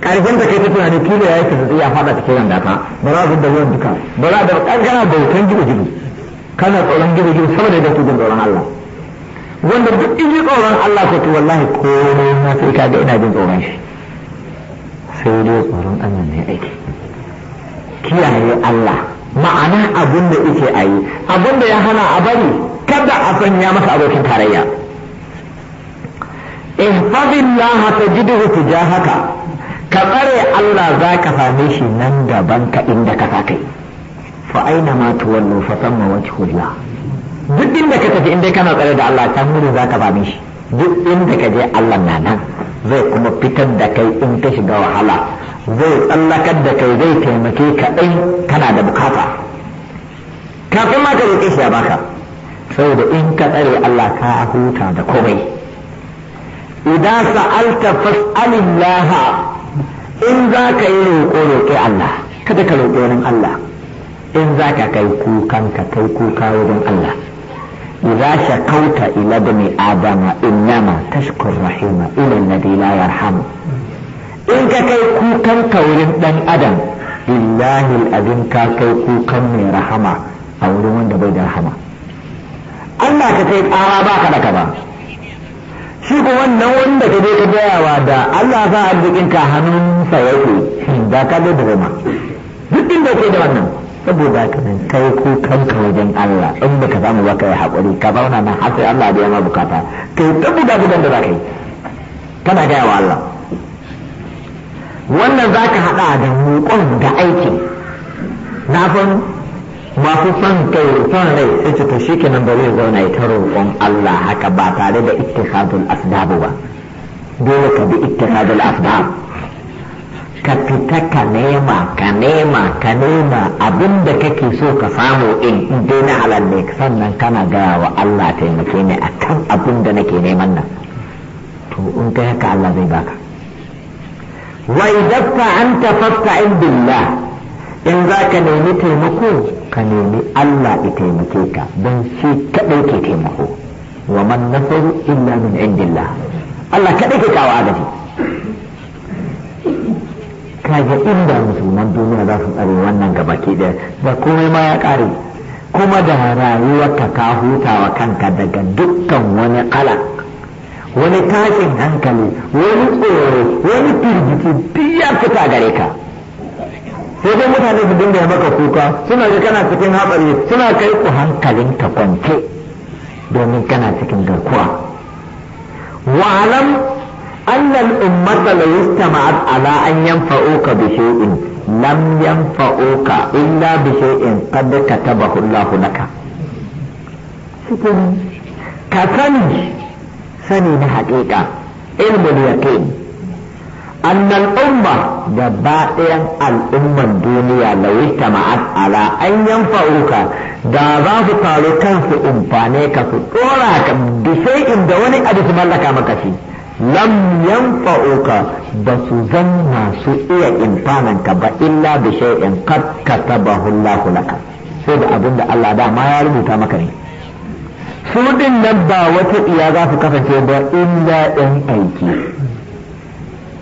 ƙarfin da kai ta tunani kila ya yi ka ya faɗa cikin yanda ka ba za a zubda ruwan duka ba za a da ƙanƙana bautan gizo gizo kana tsoron gizo gizo saboda da kujin tsoron Allah wanda duk in ji tsoron Allah ko to wallahi komai na sai ka ga ina jin tsoron shi sai dai tsoron Allah ne aiki kiyaye Allah ma'ana abin da yake a yi abin da ya hana a bari kada a sanya masa abokin tarayya ihfazillah tajidhu tijahaka ka tsare Allah za ka same shi nan gaban ka inda ka sa kai fa aina ma tuwallu fa wajhullah duk inda ka tafi inda kana tsare da Allah can wurin za ka same shi duk inda ka je Allah na nan zai kuma fitar da kai in ka shiga wahala zai tsallakar da kai zai taimake ka ɗai kana da bukata kafin ma ka roƙe shi ya baka saboda in ka tsare Allah ka huta da komai idan sa'alta fas'alillah in za ka yi roƙo roƙe Allah kada ka wurin Allah in za ka kai kukan ka kai kuka wajen Allah إذا شكوت إلى ابن آدم إنما تشكو الرحيم إلى الذي لا يرحم إن كي adam كورين بن آدم لله الأدم كي كوكا من رحمة أو لمن دبيد رحمة Allah ka kai ƙara ba ka da ka ba shi kuma wannan wanda ka je ka gayawa da Allah za a arzikin ka hannunsa yake da ka da duk inda kai da wannan saboda ka nan kai ko kanka wajen Allah in baka samu ba ka yi haƙuri ka zauna nan har sai Allah biya ma bukata kai ta buga da za ka yi kana gaya wa Allah wannan za ka haɗa da muƙon da aiki na san masu son kai son rai sai ce to shikenan ba zai zauna ya ta roƙon Allah haka ba tare da ittihadul asbab ba dole ka bi ittihadul asbab ka fita ka nema ka nema ka nema abinda kake so ka samu in dai na halal sannan kana gaya wa Allah taimake ni akan abin da nake neman nan to in ka haka Allah zai baka wa idza anta fasta'in billah in za ka nemi taimako ka nemi Allah ya taimake ka don shi kaɗai ke taimako wa man nasaru illa min indillah Allah kaɗai ke kawo agaji kaga inda musulman duniya za su tsare wannan gabaki ɗaya da komai ma ya ƙare kuma da rayuwarka ka hutawa kanka daga dukkan wani kala wani tashin hankali wani tsoro wani firgici biyar fita gare ka sai dai mutane su dinga ya maka kuka suna ji kana cikin hatsari suna kai ku hankalin ta kwance domin kana cikin garkuwa wa'alam allan ummata lawista ma'as a la anyan fauka bishiyoyin lamnyan fauka illa bishiyoyin faɗa ka taɓa hulafu naka. kasanin sani na hakika ilmin ya ke annal umma da baɗiyan al umman duniya lausta ma'as a la anyan da za ku faru kan su umfane ka su tsorata bishiyoyin da wani abu su mallaka maka shi. lam yanfa'uka ba su zan masu iya imfananka ba illa da shay'in qad katabahu Allahu laka sai da abin da Allah da ma ya rubuta maka ne su din nan ba wata iya za su kasance ba illa ɗan aiki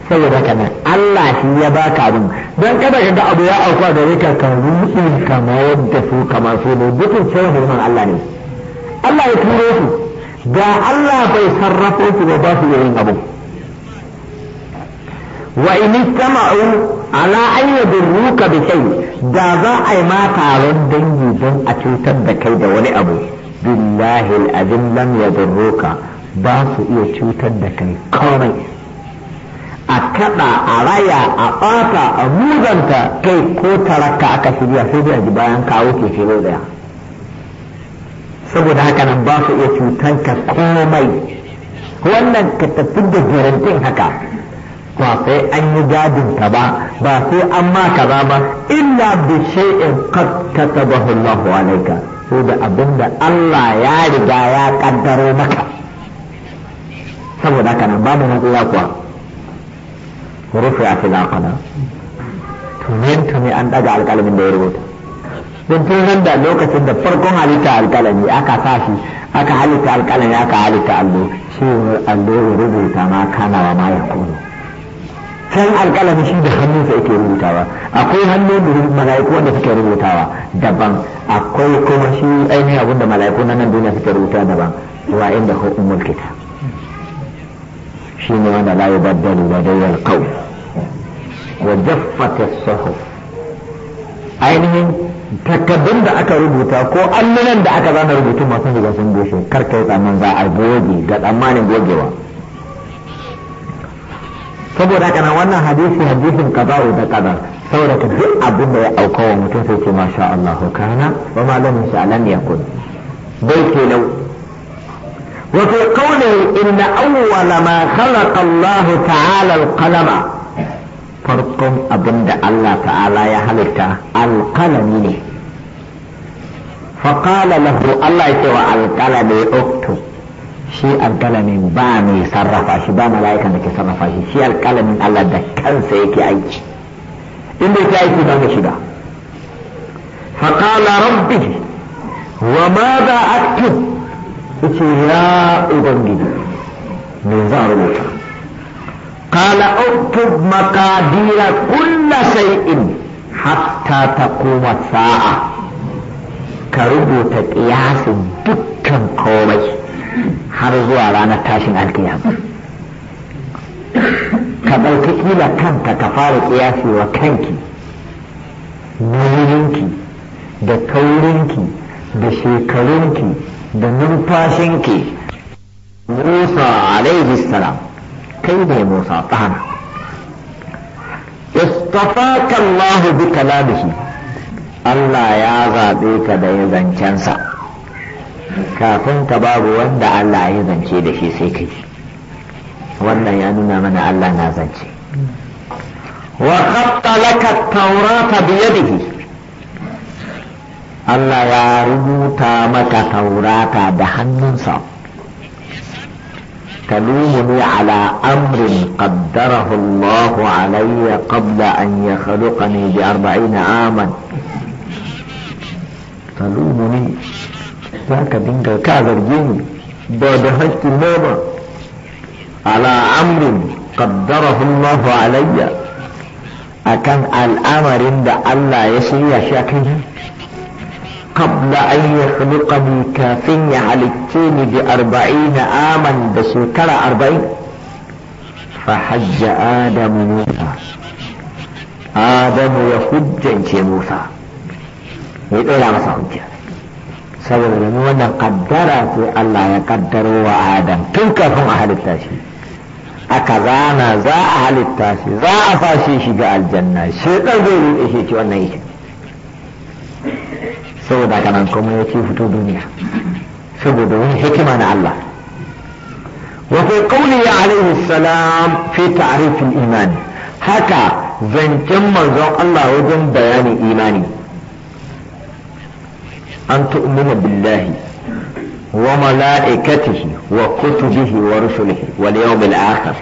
saboda haka nan Allah shi ya baka abin don kada ka ga abu ya auka da rika ka ruɗin kama yadda su kamar su ne dukkan sai Allah ne Allah ya turo su da Allah bai sarrafo su ba ba su yin abu wa in istama'u ala an Ruka bi shay da za a yi ma taron dangi don a cutar da kai da wani abu billahi al-azim lam yadurruka ba su iya cutar da kai kawai a kaɗa a raya a ɓata a muzanta kai ko taraka aka shirya sai dai a bayan kawo ke shiro daya saboda haka nan ba su iya cutan ka komai wannan ka tafi da jarantin haka ba sai an yi gadin ka ba ba sai an ma ka ba ba illa bi shay'in qad katabahu Allahu alayka sai da abinda Allah ya riga ya kaddaro maka saboda haka nan babu matsala kuwa rufi a fil aqala tumen tumi an daga alƙalamin da ya rubuta don nan da lokacin da farkon halitta alƙalami aka sashi aka halitta alƙalami aka halitta allo shi allo ya rubuta ma kana wa ma ya kono can alƙalami shi da hannunsa yake rubutawa akwai hannun da mala'iku wanda suke rubutawa daban akwai kuma shi ainihin abin da mala'iku na nan duniya suke rubuta daban wa inda hukumul kitab shi ne wanda la da ladayyal kawai wa jaffat as-suhuf ainihin takardun da aka rubuta ko allunan da aka zana rubutun masu shiga sun bushe kar yi tsaman za a goge ga tsammanin gogewa saboda haka na wannan hadisi hadisin qada'u da kaza saboda ka duk abin da ya auka wa mutum sai ce masha Allah kana wa ma lam yasha bai ke lau wa fi qawli inna awwala ma khalaqa Allah ta'ala al-qalama farkon abin da Allah ta'ala ya halitta alƙalami ne faƙala lahu Allah ya cewa alƙalami uktu shi alƙalamin ba mai sarrafa shi ba mala'ika da ke sarrafa shi shi alƙalamin Allah da kansa yake aiki inda yake aiki ba ba. shiga faƙala rabbi wa ma za a ya ubangiji me za a rubuta قال اكتب مقادير كل شيء حتى تقوم الساعة كربو تقياس دكا قومي هرزو على نتاشن القيامة ka ɗauki ƙila kanta ka fara ƙiyasi wa kanki naurinki da kaurinki da shekarunki da numfashinki musa alaihi salam kai ne musa tsara istafaka Allah bi kalamihi Allah ya zaɓe ka da ya zancensa kafin ka babu wanda Allah ya zance da shi sai kai wannan ya nuna mana Allah na zance wa khatta laka taurata bi yadihi Allah ya rubuta maka taurata da hannunsa تلومني على أمر قدره الله علي قبل أن يخلقني بأربعين عاما تلومني ذاك دينك كاذر جيني بعد حجت النوم على أمر قدره الله علي أكان الأمر عند الله يسير شكله قبل أن يخلقني كافين على التين بأربعين آما بسكرة أربعين فحج آدم موسى آدم يخج أنت موسى يقول أنا صحيح سبب المؤمن قدر في الله يقدر آدم تلك هم أهل التاشي أكذانا ذا أهل التاشي ذا أفاشي شجاء الجنة شيء تقول إيش وأنا إيش saboda haka nan kuma ya ce fito duniya saboda wani hikima وفي قوله عليه السلام في تعريف الإيمان هكا زنجم من الله وجن بيان إيماني أن تؤمن بالله وملائكته وكتبه ورسله واليوم الآخر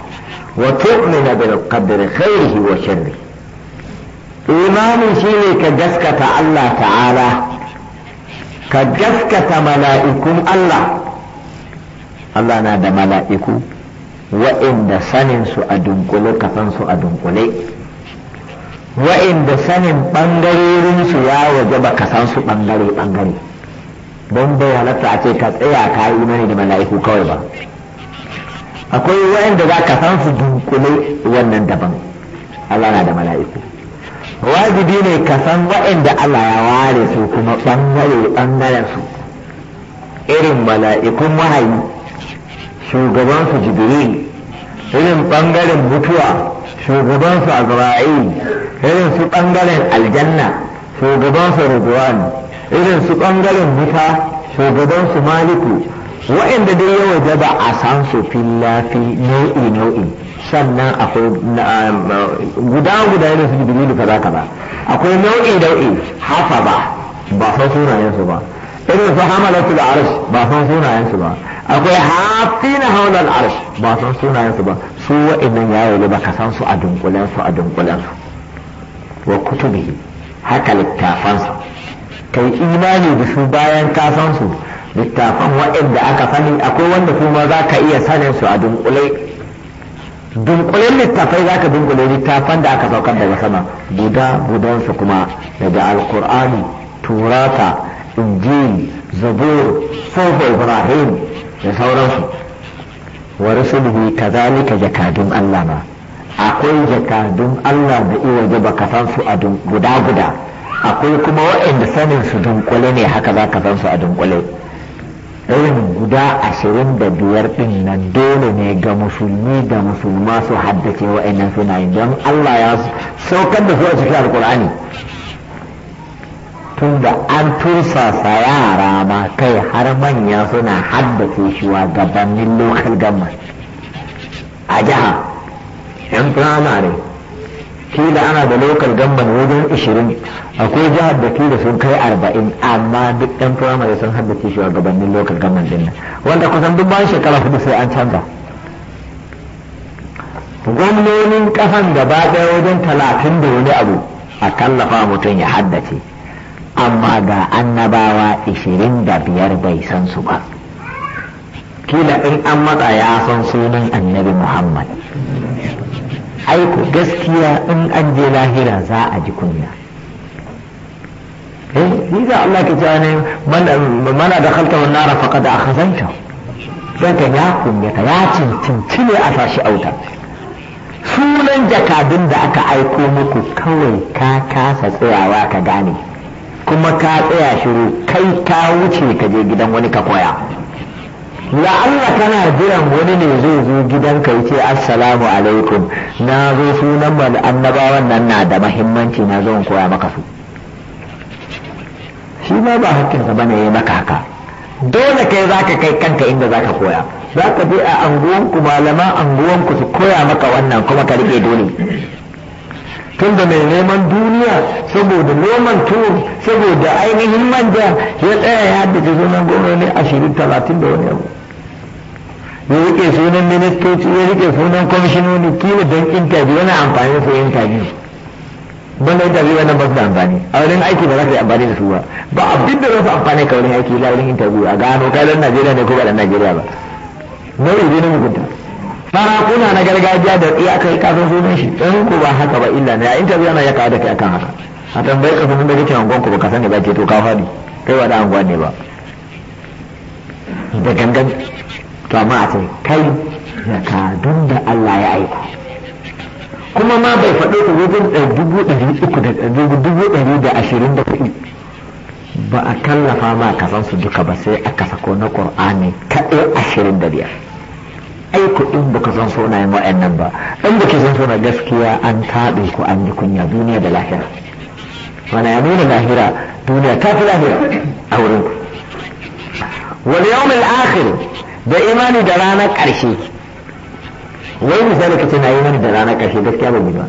وتؤمن بالقدر خيره وشره إيمان شيء كجسكة الله تعالى ka gaskata mala'ikun Allah Allah na da mala'iku wa'inda sanin su a dunkule kafan su a dunkule wa'inda sanin ɓangarorin su ya waje ba ka san su ɓangare ɓangare don bai halatta a ce ka tsaya ka yi mani da mala'iku kawai ba akwai wa'inda za ka san su dunkule wannan daban Allah na da mala'iku wajibi ne ka san waɗanda Allah ya ware su kuma ɓangare ɓangaren su irin mala'ikun wahayi shugaban su jibril irin ɓangaren mutuwa shugaban su azra'il irin su ɓangaren aljanna shugaban su ridwan irin su ɓangaren wuta shugaban su maliku waɗanda dai ya wajaba a san su fillafi nau'i nau'i sannan akwai guda guda yana su jibrilu kaza kaza akwai nau'i nau'i hafa ba ba san su ba irin su hamalatul arsh ba san su ba akwai hafina haulal arsh ba san su ba su wa'annan yawo ba ka san su a dunkulen su a dunkulen su wa kutubihi haka littafan littafansa kai imani da su bayan ka san su littafan waɗanda aka sani akwai wanda kuma za ka iya sanin su a dunkule dunkulen littafai za ka dunkule littafan da aka saukar daga sama guda gudansu kuma daga alkur'ani turata injil zabur sofa ibrahim da sauransu wa rusuluhu kadhalika jakadun allah ba akwai jakadun allah da iya jaba ka san a guda guda akwai kuma waɗanda sanin su dunkule ne haka za ka san su a dunkule irin guda ashirin da biyar ɗin nan dole ne ga musulmi da musulma su haddace suna sunayen don Allah ya saukar da su a cikin alkur'ani tun da an tursasa yara ma kai har manya suna haddace shi wa gabanin lokal gama a jiha yan firamare kila ana da lokal gamban wajen 20 akwai jihar da kila sun kai 40 amma duk ɗan firamare sun haddace shi gabanin lokal gamban din nan wanda kusan duk bayan shekara hudu sai an canza gwamnonin kasan gaba daya wajen talatin da wani abu a tallafa mutum ya haddace amma ga annabawa da biyar bai san su ba kila in an matsa ya san sunan annabi muhammad aiko gaskiya in an je lahira za a ji kunya eh za Allah ke cewa ne mana da khalta wan nara faqad akhazanta dan ka ya kunya ka ya cincinci ne a sashi auta sunan jakadun da aka aiko muku kawai ka kasa tsayawa ka gane kuma ka tsaya shiru kai ka wuce ka je gidan wani ka koya allah kana jiran wani ne zai zo gidanka ya ce assalamu alaikum na zo sunan annabawan nan na da mahimmanci na zo koya maka su shi ma ba hakkin hakkinsa bane ya maka haka dole kai zaka kai kanka inda zaka koya za je a malama malaman ku su koya maka wannan kuma ka rike dole da mai neman duniya saboda noman tur saboda ainihin manja ya tsaya ya haddace sunan gwamnati ashirin talatin da wani abu ya rike sunan ministoci ya rike sunan kwamishinoni kila don intabi wani amfani da yin tabi don da intabi wani ba su da amfani a wurin aiki ba za su yi amfani da su ba ba abin da za su amfani ka wurin aiki la intabi a gano kai dan najeriya ne ko ba dan najeriya ba nau'i ne na mugunta sarakuna na gargajiya da iya kai kafin sunan shi ɗan ku ba haka ba illa ne a intabi yana ya kawo da kai akan haka a tambayi ka sunan da kake angon ku ba ka san da ba ke to ka fadi kai ba da angon ne ba da gangan to amma a ce kai jakadun da Allah ya aiko kuma ma bai faɗo ta wajen dubu ɗari uku da dubu ɗari da ashirin da kuɗi ba a kallafa ma kasan su duka ba sai aka sako na ƙur'ani kaɗai ashirin da biyar ai kuɗin ba ka san sunayen wa'annan ba ɗan da ke san suna gaskiya an taɗe ku an yi kunya duniya da lahira mana ya nuna lahira duniya ta fi lahira a wurin ku wal yawmil akhir da imani da ranar ƙarshe wai misali ka ce na imani da ranar ƙarshe gaskiya ba ba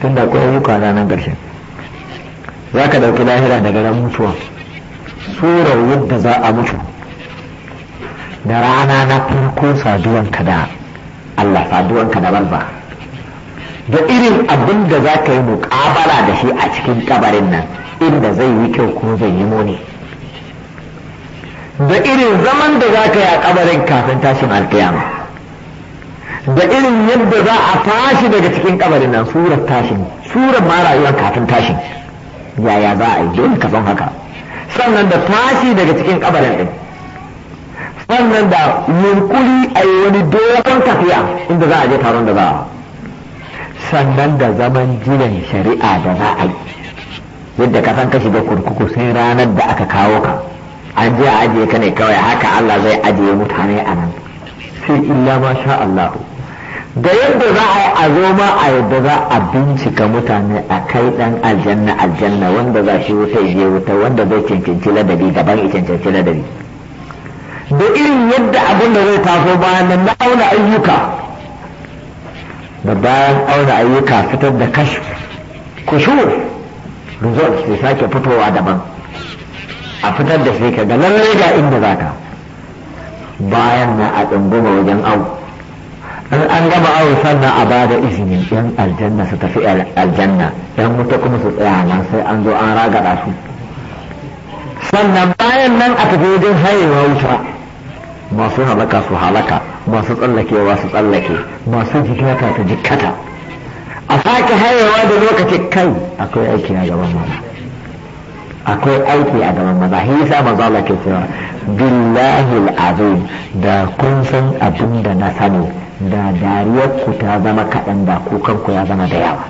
tun da kuma ayyuka ranar ƙarshe za ka ɗauki lahira daga ran mutuwa surar yadda za a mutu da rana na farko ka da Allah saduwan ka da barba da irin abin da za ka yi muƙabala da shi a cikin kabarin nan inda zai yi kyau ko zai yi muni. da irin zaman da za ka yi a kabarin kafin tashin alkiyama da irin yadda za a tashi daga cikin kabarin nan surar tashin surar ma rayuwar kafin tashin yaya za a yi don ka san haka sannan da tashi daga cikin kabarin din sannan da yunkuri a yi wani dogon tafiya inda za a je taron da za a sannan da zaman jiran shari'a da za a yi yadda ka san ka shiga kurkuku sai ranar da aka kawo ka an je aje ka ne kawai haka Allah zai ajiye mutane a nan sai illa ma sha Allah da yadda za a yi a zo ma a yadda za a bincika mutane a kai dan aljanna aljanna wanda za shi wuta je wuta wanda zai cancanci ladabi gaban ya cancanci ladabi da irin yadda abin da zai taso bayan nan na auna ayyuka da bayan auna ayyuka fitar da kashi kushur result sai sake fitowa daban a fitar da shi ka ga lalle ga inda za ka bayan na a tsunguma wajen au in an gama au sannan a bada izinin yan aljanna su tafi aljanna yan wuta kuma su tsaya nan sai an zo an ragada su sannan bayan nan a tafi wajen hayewa wuta masu halaka su halaka masu tsallakewa su tsallake masu jikata su jikata a sake hayewa da lokacin kai akwai aiki na gaban mana akwai aiki a gaban maza shi yasa maza Allah ke cewa billahi al'azim da kun san abin da na sani da dariyar ku ta zama kaɗan da ku kanku ya zama da yawa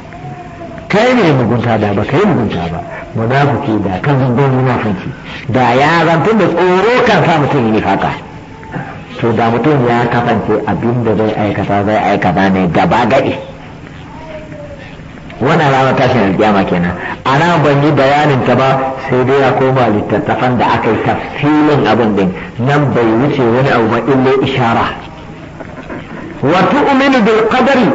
kai ne mugunta da ba kai mugunta ba munafiki da kan zangon munafiki da ya zantun da tsoro kan sa mutum yi faka to da mutum ya kasance abin da zai aikata zai aikata ne gaba gaɗi wannan ranar tashin alkiyama kenan ana ban yi bayanin ta ba sai dai ya koma littattafan da aka yi tafsilin abin din nan bai wuce wani abu ba illa ishara wa tu'minu bil qadari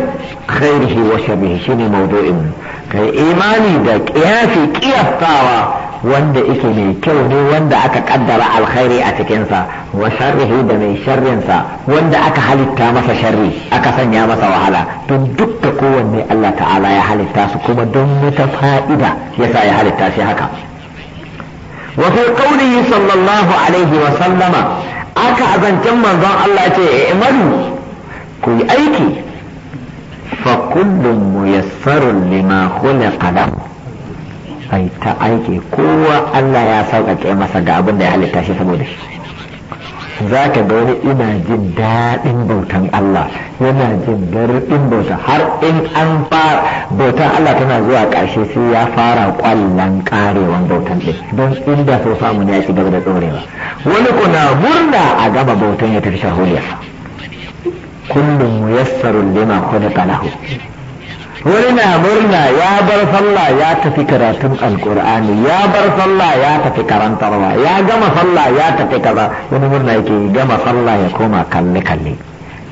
khairihi wa sharrihi shine mawdu'in kai imani da qiyasi qiyastawa wanda yake mai kyau ne wanda aka kaddara alkhairi a cikinsa wa sharrihi da mai sharrinsa wanda aka halitta masa sharri aka sanya masa wahala don da kowanne Allah ta'ala ya halitta su kuma don wata fa'ida yasa ya halitta shi haka wa fi qawlihi sallallahu alaihi wa sallama aka azancan manzon Allah ce eh, imanu ku yi aiki fa kullum muyassarun lima khuliqa lahu sai ta aiki kowa Allah ya sauƙaƙe masa ga abin da ya halitta shi saboda shi za ka ga wani ina jin daɗin bautan Allah yana jin daɗin bauta har in an fara bautan Allah tana zuwa ƙarshe sai ya fara ƙwallon ƙarewan bautan ɗin don inda so samu ne ya ci gaba da ɗorewa wani kuna murna a gama bautan ya tafi shahuliya kullum yassarun lima khuliqa lahu wani na murna ya bar sallah ya tafi karatun alkur'ani ya bar sallah ya tafi karantarwa ya gama sallah ya tafi kaza wani murna yake gama sallah ya koma kalle kalle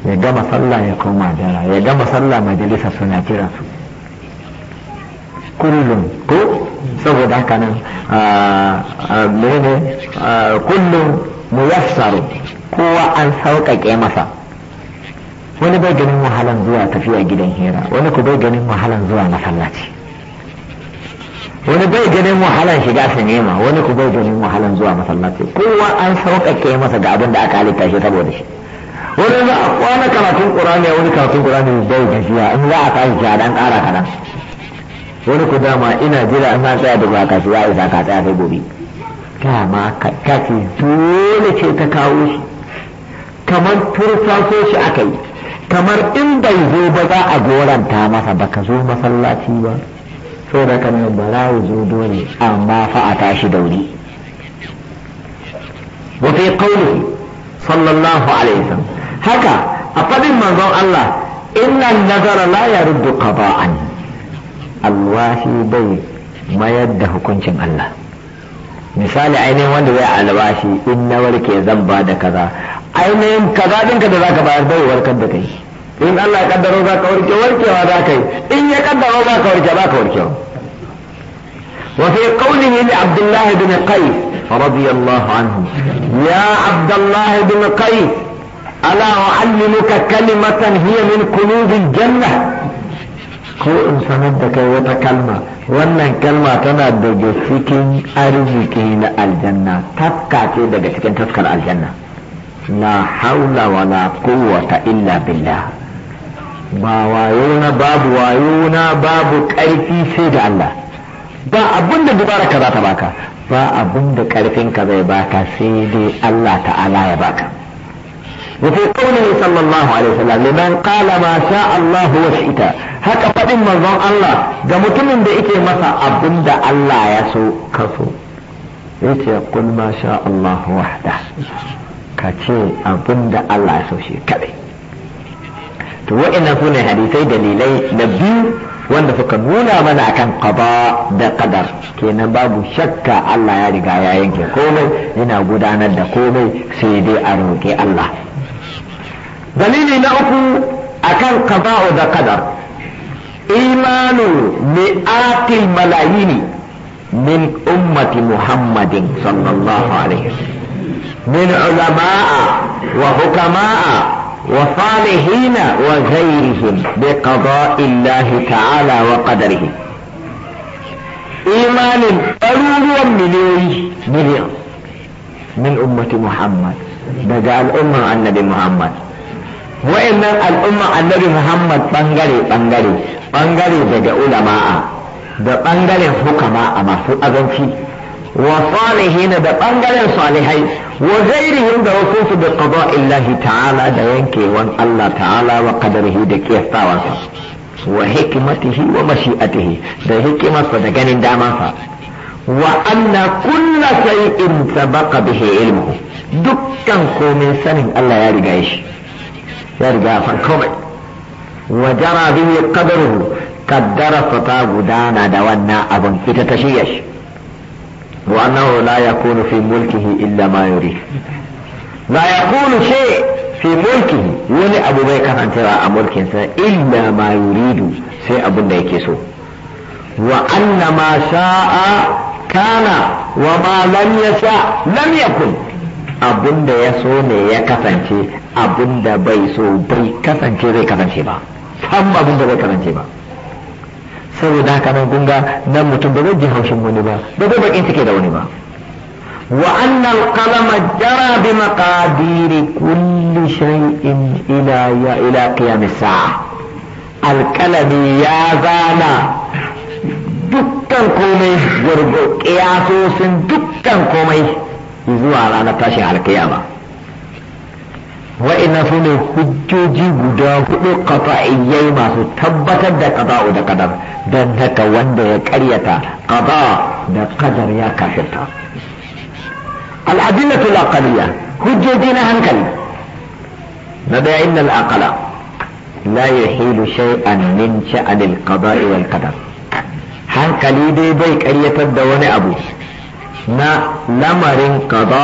ya gama sallah ya koma dara ya gama sallah majalisa suna kira su kullum ko saboda haka nan mene kullum muyassaru kowa an sauƙaƙe masa wani bai ganin wahalan zuwa tafiya gidan hira wani ku bai ganin wahalan zuwa masallaci wani bai ganin wahalan shiga sinima wani ku bai ganin wahalan zuwa masallaci kowa an sauƙaƙe masa ga abin da aka halitta shi saboda shi wani za a kwana karatun ƙurani wani karatun ƙurani bai gajiya in za a tashi shi a dan ƙara kaɗan wani ku dama ina jira ina tsaya da baka shi ya isa ka tsaya sai gobe dama ka ce dole ce ta kawo shi kamar tursa so shi aka yi kamar in bai zo ba za a goranta masa ba ka zo masallaci ba so da kan nan bara ya zo dole amma fa a tashi da wuri wa fi qawli sallallahu alaihi wasallam haka a fadin manzon Allah inna nazara la yaruddu qada'an alwashi bai mayar da hukuncin Allah misali ainihin wanda zai alwashi in na warke zan ba da kaza ainihin kazabinka da zaka bayar bai warkar da kai in Allah ya kaddaro za ka warke warkewa za ka yi in ya kaddaro za ka warke za ka warkewa wa. قوله لعبد الله بن قيس رضي الله عنه يا عبد الله بن قيس ألا أعلمك كلمة هي من كنوز الجنة ko in sanar da kai wata kalma wannan kalma tana daga cikin arziki na aljanna tafka ce daga cikin taskar aljanna Na haula wala quwwata illa billah ba wayo na babu wayo babu ƙarfi sai da Allah ba abin da dubara ka za ta baka ba abin baka sai dai Allah ta'ala ya baka وفي قوله صلى الله عليه وسلم لمن قال ما شاء الله وشئت هكا فإن منظر الله ده متمن ده إيكي مسا أبن ده الله يسو كفو يتي قل ما شاء الله وحده ka ce abin da Allah ya so shi kaɗai to ina sune hadisai dalilai na biyu wanda suka nuna mana akan qada da qadar kenan babu shakka Allah ya riga ya yanke komai yana gudanar da komai sai dai a roƙi Allah dalili na uku akan qada da qadar imanu mi'atil malayini min ummati muhammadin sallallahu alaihi wasallam من علماء وحكماء وصالحين وغيرهم بقضاء الله تعالى وقدره إيمان ɗaruruwan miliyoyi miliyan min ummati Muhammad daga al'umman annabi Muhammad wa'annan al'umman annabi Muhammad bangare bangare daga ulama'a da bangaren hukama a masu azanci وصالحين ده بانجل صالحي وغيرهم ده وصوف بقضاء الله تعالى ده ينكي وان الله تعالى وقدره ده كيف وحكمته ومشيئته ده حكمة ده كان داما وأن كل شيء سبق به علمه دكان كومين سنة الله يرجع إيش يرجع فالكومين وجرى به قدره قدر فتاة دانا دوانا أبن إتتشيش وأنه لا يكون في ملكه إلا ما يريد لا يكون شيء في ملكه ولي أبو بكر أن ترى ملكه إلا ما يريد سي أبو يكسو وأن ما شاء كان وما لم يشاء لم يكن abun da ya so ne ya kasance abun da bai so bai kasance zai kasance ba san abun da bai kasance ba saboda haka nan kun ga nan mutum ba zai ji haushin wani ba ba zai bakin cike da wani ba wa annal qalama jara bi maqadir kulli shay'in ila ya ila qiyam sa'a qalami ya zana dukkan komai gurgo kiyasosin dukkan komai zuwa ranar tashin alkiyama wa'ina su ne hujjoji guda hudu qata'iyyai masu tabbatar da qada'u da qadar don haka wanda ya karyata qada da qadar ya kafirta al'adillatu al-aqaliyya hujjoji na hankali na da inna al-aqala la yuhilu shay'an min sha'an al-qada'i wal qadar hankali dai bai karyatar da wani abu na lamarin qada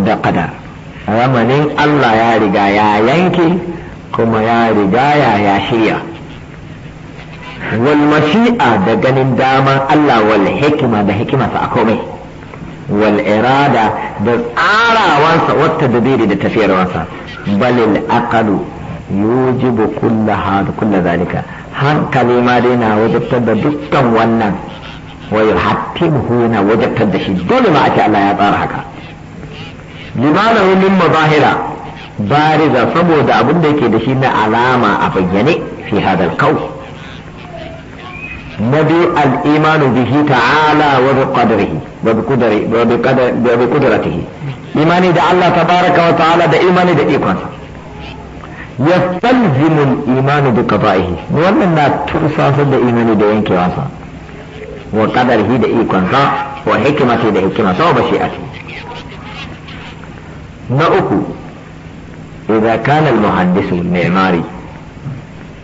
da qadar ramanin Allah ya riga ya yanke kuma ya riga ya ya shirya wal mashi'a da ganin dama Allah wal hikima da hikima ta komai wal irada da tsarawansa wata dabiri da tafiyarwansa balil aqalu yujibu kulla hada kulla zalika hankali ma dai na wajabtar da dukkan wannan wa yuhattimuhu na wajabtar da shi dole ma ake Allah ya tsara haka limalahu min mazahira bariza saboda abin da yake da shi na alama a bayyane fi hadal kau na biyu al'imanu bihi ta'ala wa bi qadrihi wa bi qudratihi imani da Allah tabaraka wa ta'ala da imani da ikonsa يستلزم الإيمان بقضائه وأننا ترسى صد إيمان دين كواسا وقدره دئي كنسا وحكمته دئي كنسا وبشيئته نأكو إذا كان المهندس المعماري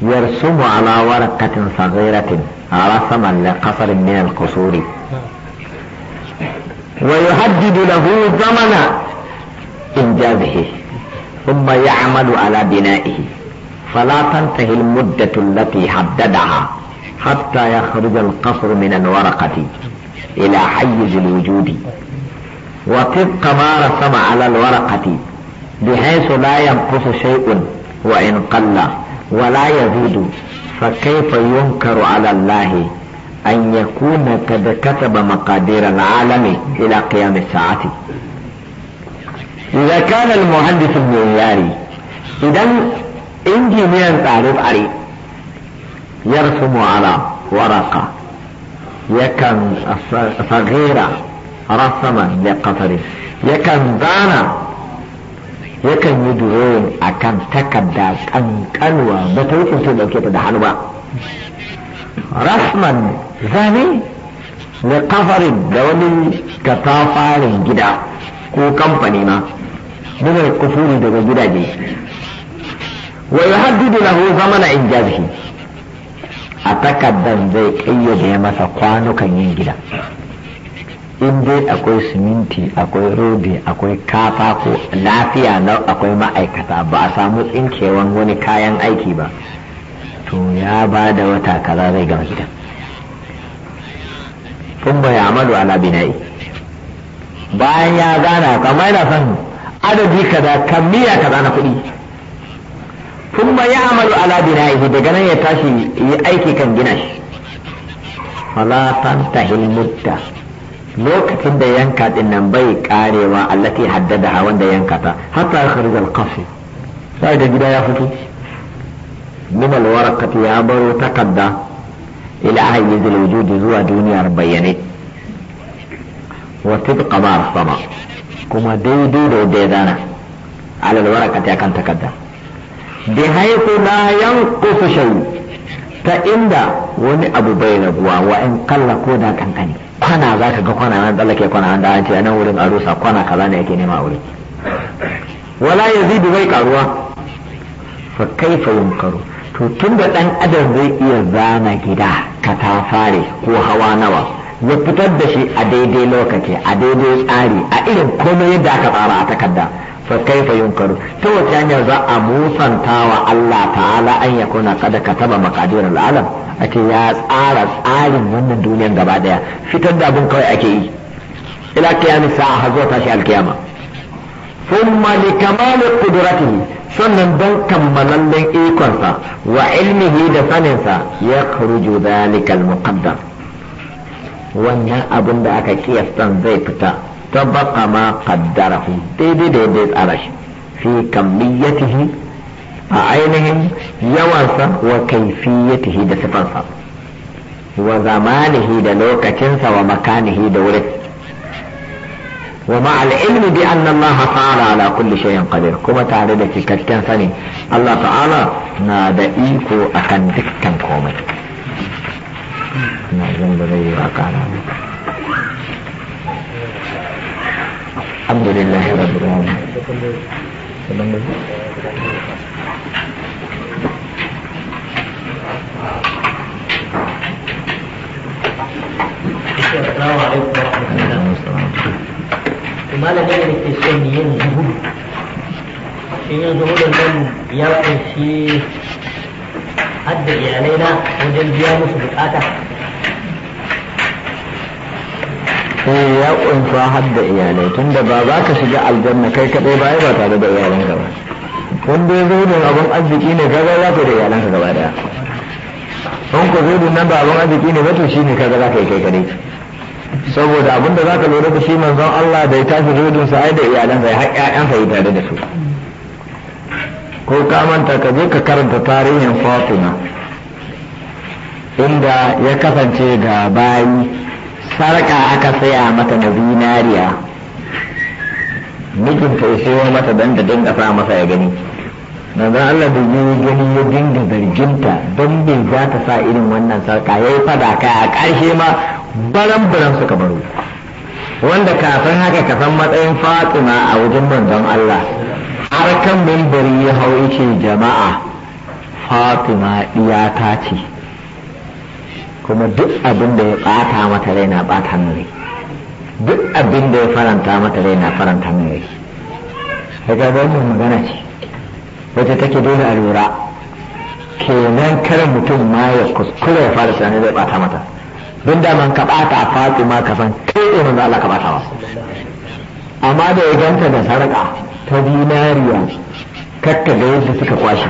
يرسم على ورقة صغيرة رسما لقصر من القصور ويحدد له زمن إنجازه ثم يعمل على بنائه فلا تنتهي المدة التي حددها حتى يخرج القصر من الورقة إلى حيز الوجود وطبق ما رسم على الورقة بحيث لا ينقص شيء وإن قل ولا يزيد فكيف ينكر على الله أن يكون قد كتب مقادير العالم إلى قيام الساعة إذا كان المهندس المعياري إذا إنجنيير تعرف علي يرسم على ورقة يكن صغيرة rasama ya kafare yakan zana yakan yi duroyin a kan takarda kankanwa ba ta wuce sai dauke ta da hannu ba rasman zane da kafarin da wani katafarin gida ko kamfani ma muna kufuri daga gidaje wa yuhaddidu zama na injazihi a takardan zai kayyade masa kwanukan yin gida in dai akwai siminti akwai rodi akwai katako lafiya na akwai ma'aikata ba a samu tsinkewan wani kayan aiki ba to ya ba da wata kaza zai gama gidan kun bai amalu ala bina'i bayan ya gana kamar yana son adadi kaza kamiya kaza na kuɗi kun bai ya amalu ala bina'i daga nan ya tashi yi aiki kan gina shi fala tantahil mutta lokacin da yanka din nan bai karewa allati haddada wanda yanka ta hatta ya kharij al qasi sai da gida ya fito min al waraqati ya baro takadda ila ahli zil wujud zuwa duniyar bayyane wa tibqa ma sama kuma daidai da yadda ya zana ala al waraqati akan takadda bi haythu la yanqusu shay ta inda wani abu bai raguwa wa in kalla ko da kankani kwana za ka ga kwana nan tsallake kwana da an ce a nan wurin a rusa kwana kaza ne yake nema wuri wala yazidu bai karuwa fa kaifa yunkaru to tunda dan adam zai iya zana gida katafare ko hawa nawa ya fitar da shi a daidai lokaci a daidai tsari a irin komai yadda aka tsara a takarda fa kaifa yunkaru ta wace hanyar za a musanta wa Allah ta'ala an ya kuna kada kataba maqadir al'alam ake ya tsara tsarin wannan duniyar gaba daya fitar da abun kawai ake yi ila kiyamis sa'a har zuwa tashi alkiyama ثم لكمال قدرته sannan don kammalallen ikonsa wa ilmihi da saninsa ya kuruju zalikal muqaddar wannan abin da aka kiyastan zai fita طبق ما قدره دي دي دي دي أرش في كميته عينهم يوانسا وكيفيته ده صفانسا وزمانه ده لوكتنسا ومكانه ده ورث ومع العلم بأن الله تعالى على كل شيء قدير كما تعالى ده كتن سني الله تعالى نادى إيكو أكن دكتن كومي نعم غير وكانا alhamdulillah rabbil alamin Assalamu alaikum warahmatullahi da ke son yin zuhudu. Shin yin zuhudun nan ya kunshi hadda iyalai na wajen biya musu bukata. sai ya kunfa har da iyalai tunda ba za ka shiga aljanna kai kadai ba ba tare da iyalanka ba wanda ya zo da abin arziki ne kaga za ka da iyalanka gaba daya in ku zo nan abin arziki ne wato shi ne kaga za ka yi kai kadai saboda da za ka lura da shi manzon Allah da ya tafi zudun sa ai da iyalansa har ƴaƴan yi tare da su ko ka manta ka je ka karanta tarihin Fatima inda ya kasance ga bayi sarƙa aka saya mata na zinariya mijinta ya sayo mata don da dinga sa masa ya gani zan Allah da ya gani ya dinga zarginta don bai za ta sa irin wannan sarka? ya yi fada kai a ƙarshe ma baran baran suka baro wanda kafin haka ka san matsayin fatima a wajen manzon Allah har kan ya hau yake jama'a fatima iyaka ce kuma duk abin da ya bata mata rai na bata min rai duk abin da ya faranta mata rai na faranta min rai daga wannan magana ce wacce take dole a lura kenan karan mutum ma ya kuskure ya fara sani zai bata mata don da man ka bata a ma ka san kai ne manzo Allah ka bata wa amma da ya ganta da sarƙa ta dinariya kakka ga yadda suka kwashe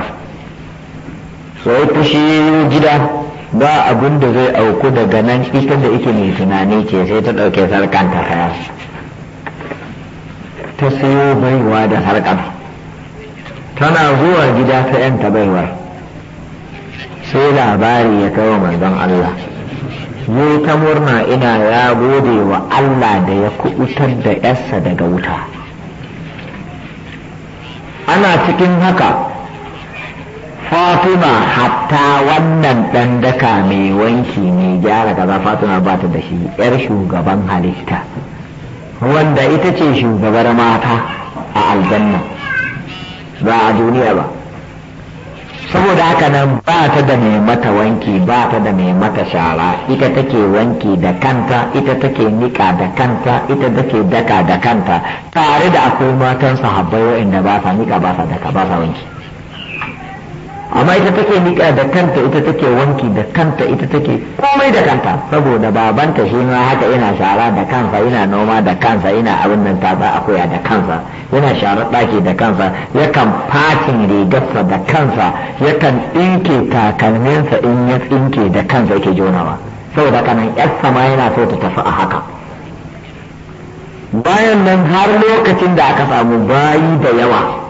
sai fushi gida ba abin da zai auku daga nan ita da ike mai tunani ce sai ta ɗauke sarkan ta haya ta sayo baiwa da sarkan tana zuwa gida ta yanta baiwar sai labari ya kawo manzon Allah yi ta murna ina ya gode wa Allah da ya kubutar da yarsa daga wuta ana cikin haka fatima hatta wannan ɗan daka mai wanki mai gyara kaza fatima ba ta da shi yar shugaban halitta wanda ita ce shugabar mata a aljanna ba a duniya ba saboda haka nan ba ta da mai mata wanki ba ta da mai mata shara ita take wanki da kanta ita take nika da kanta ita take daka da kanta tare da akwai matan sahabbai waɗanda ba sa nika ba sa daka ba sa wanki amma ita take nika da kanta ita take wanki da kanta ita take komai da kanta saboda babanta shi ma haka yana shara da kansa yana noma da kansa yana abin nan ta ba koya da kansa yana shara daki da kansa yakan fatin rigarsa da kansa yakan ɗinke takalminsa in ya tsinke da kansa yake jonawa saboda kanan yarsa ma yana so ta tafi a haka bayan nan har lokacin da aka samu bayi da yawa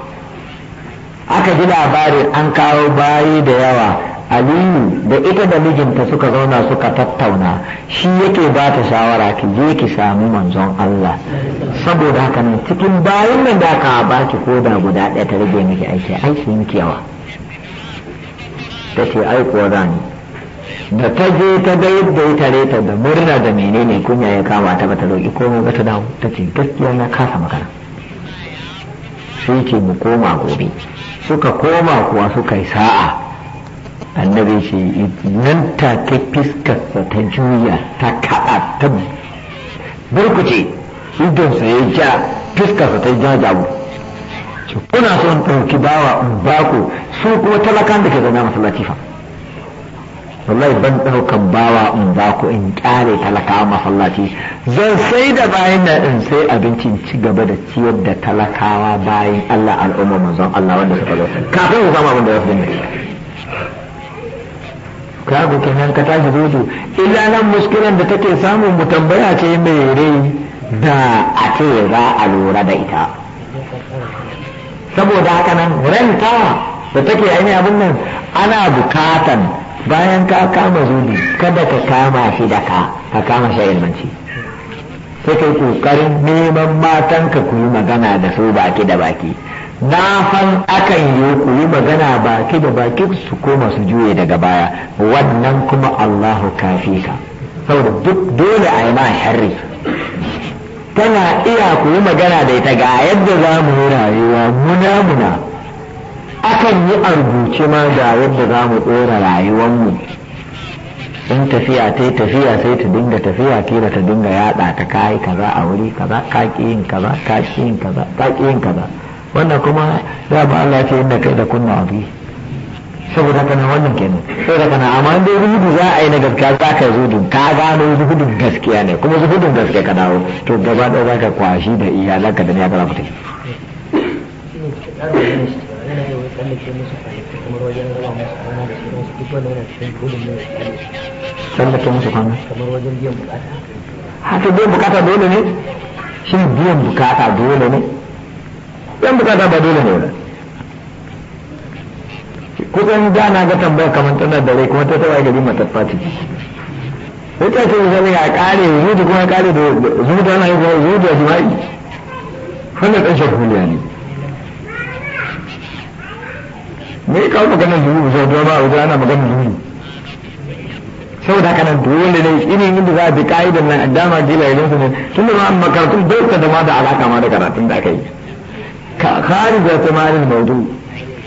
aka ji labarin an kawo bayi da yawa aliyu da ita da mijinta suka zauna suka tattauna shi yake ba ta shawara ki je ki sami manzon Allah saboda haka nan cikin bayan nan da aka ba ki koda guda ɗaya ta rage miki aiki aiki miki yawa ta ce ai kuwa ni da ta je ta ga yadda ya tare ta da murna da menene kunya ya kama ta bata roƙi komai ba ta dawo ta gaskiya na kasa magana sai ke mu koma gobe suka koma kuwa suka yi sa'a annabi shi nan ta take fiskarsa ta juya ta kaɗa ta burkuce idonsa ya ja fiskarsa ta ja jabu kuna son ɗauki bawa ba baku su kuma talakan da ke zama masu fa wallahi ban ɗaukan bawa in ba ku in ƙare talakawa masallaci zan sai da bayan na in sai abincin ci gaba da ciyar da talakawa bayan Allah al'umma manzon Allah wanda suka zo kafin ku samu abin da za su dinga ka ku kenan ka tashi zojo illa nan muskilan da take samun mu tambaya ce mai rai da a ce za a lura da ita saboda haka nan ranta da take aini abin nan ana bukatan bayan ka kama zubi kada ka kama shi da ka ka kama shi ilmanci sai kai kokarin neman matan ka ku yi magana da su baki da baki na san akan yi ku yi magana baki da baki su koma su juye daga baya wannan kuma Allahu kafi ka saboda duk dole a yi ma harri tana iya ku yi magana da ita ga yadda za mu rayuwa muna muna akan yi a ma da yadda za mu rayuwar mu in tafiya ta yi tafiya sai ta dinga tafiya kila ta dinga yada ta kayi kaza a wuri kaza ka yin kaza ka kaza ka yin kaza wannan kuma da ba Allah ce inda kai da kunna abi saboda kana wannan kenan saboda kana amma dai rubutu za a yi na gaskiya za ka zuhudun ka gano zuhudun gaskiya ne kuma zuhudun gaskiya ka dawo to gaba ɗaya za ka kwashi da iyalanka da ne ya zara fita yana bukata dole ne shin biyan bukata dole ne biyan bukata ba dole ne wani kusan da na ga tambaya kamar tana da rai kuma ta tawaye gari mataffa ce wata ce zama ya kare kuma ya kare da wannan ne me ya kawo maganar ba sau da ba a wajen ana maganar zuwa saboda haka nan dole ne irin inda za a bi ka'idar nan a dama gila idan su tun da ma makarantun dokta da ma da alaka ma da karatun da aka yi ka kari da tamarin maudu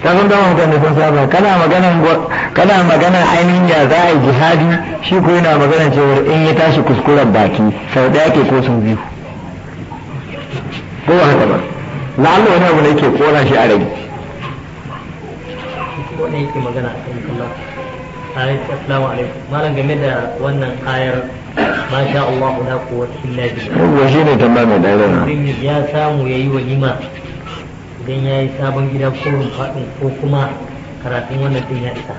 ka san dama mutane sun saba kana maganar kana ainihin ya za a yi jihadi shi ko yana maganar cewar in ya tashi kuskuren baki sau daya ke ko sun biyu ko haka ba la'alla wani abu ne ke kora shi a rage Ko ne yake magana a kan kallon ayat assalamu alaikum malam game da wannan ayar ma sha Allah la quwwata illa billah wa shine tambaye da irin ya samu yayi walima idan yayi sabon gida ko fadin ko kuma karatun wannan din ya isa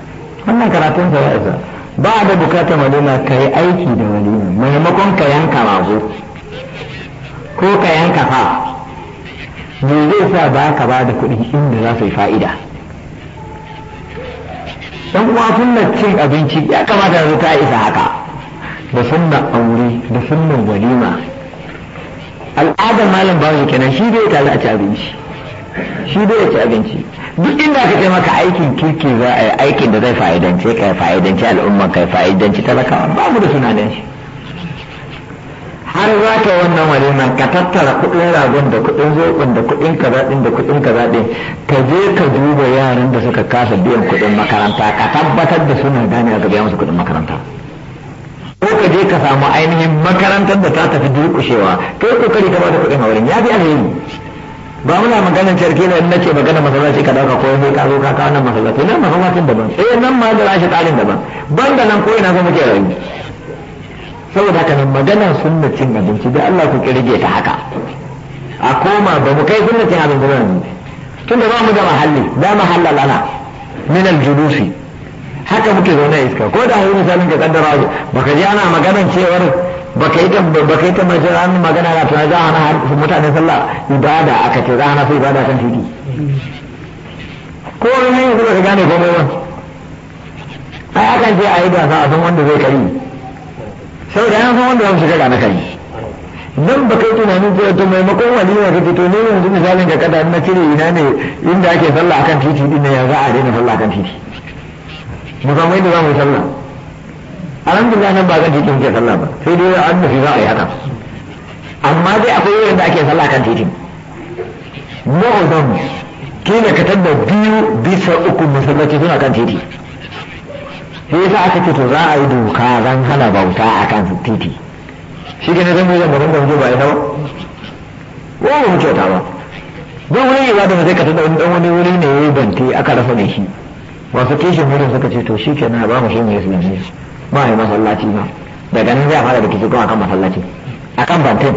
wannan karatun sa ya isa ba da bukatar walima ka yi aiki da walima maimakon ka yanka rago ko ka yanka fa me zai sa ba ka ba da kuɗi inda za su yi fa'ida yan uwa sunnar cin abinci ya kamata da ta isa haka da sunnar aure da sunnar walima al'adar malam bawo kenan shi dai tare a ci abinci shi dai ya ci abinci duk inda aka maka aikin kirki za a yi aikin da zai fa'idance ka fa'idance al'umma ka fa'idance talakawa ba mu da sunanin shi har za ka wannan waliman ka tattara kuɗin ragon da kuɗin zoɓin da kuɗin kazaɗin da kuɗin kazaɗin ka je ka duba yaran da suka kasa biyan kuɗin makaranta ka tabbatar da suna gane ka biya musu kuɗin makaranta ko ka je ka samu ainihin makarantar da ta tafi durƙushewa kai kokari ka bada kuɗin wurin ya fi alheri ba muna maganar cirki ne na ce magana masallaci ka dauka ko ya ka zo ka kawo nan masallaci nan masallacin daban eh nan ma da rashi tsarin daban banda nan ko ina zama ke rayu saboda haka nan magana sunna cin abinci da Allah ku kirge ta haka a koma ba mu kai sunna cin abinci ba ne tunda ba mu da mahalli da mahalla lana min al-julusi haka muke zauna iska ko da hayu misalin ka kaddara ba baka ji ana maganan cewar baka yi ta baka yi ta majran magana da ta za hana mutane sallah ibada aka ce za sai hana ibada kan titi ko ne yanzu baka gane komai ba ai akan je a yi gasa a san wanda zai kari sau ya san wanda za shiga na kai nan ba kai tunanin ko to maimakon walima ka fito ne yanzu misalin ga kada na cire ina ne inda ake sallah akan titi din ya za a daina sallah akan titi mu samu inda za mu yi sallah alhamdulillah nan ba zan titi muke sallah ba sai dai an nufi za a yi haka amma dai akwai wurin da ake sallah kan titi mu'azzam kila ka tabba biyu bisa uku masallaci suna kan titi sai yasa aka ce to za a yi doka zan hana bauta a kan titi shi ke ne zan zan gudun gudun ba ita ba wani mu kyauta ba duk wani yi zata zai kata dan wani wuri ne ya yi banti aka rasa da shi wasu kishin wurin suka ce to shi ke na ba mu shi ne ya ne ba yi masallaci ma daga nan zai a fara da kici kuma akan masallaci akan bantin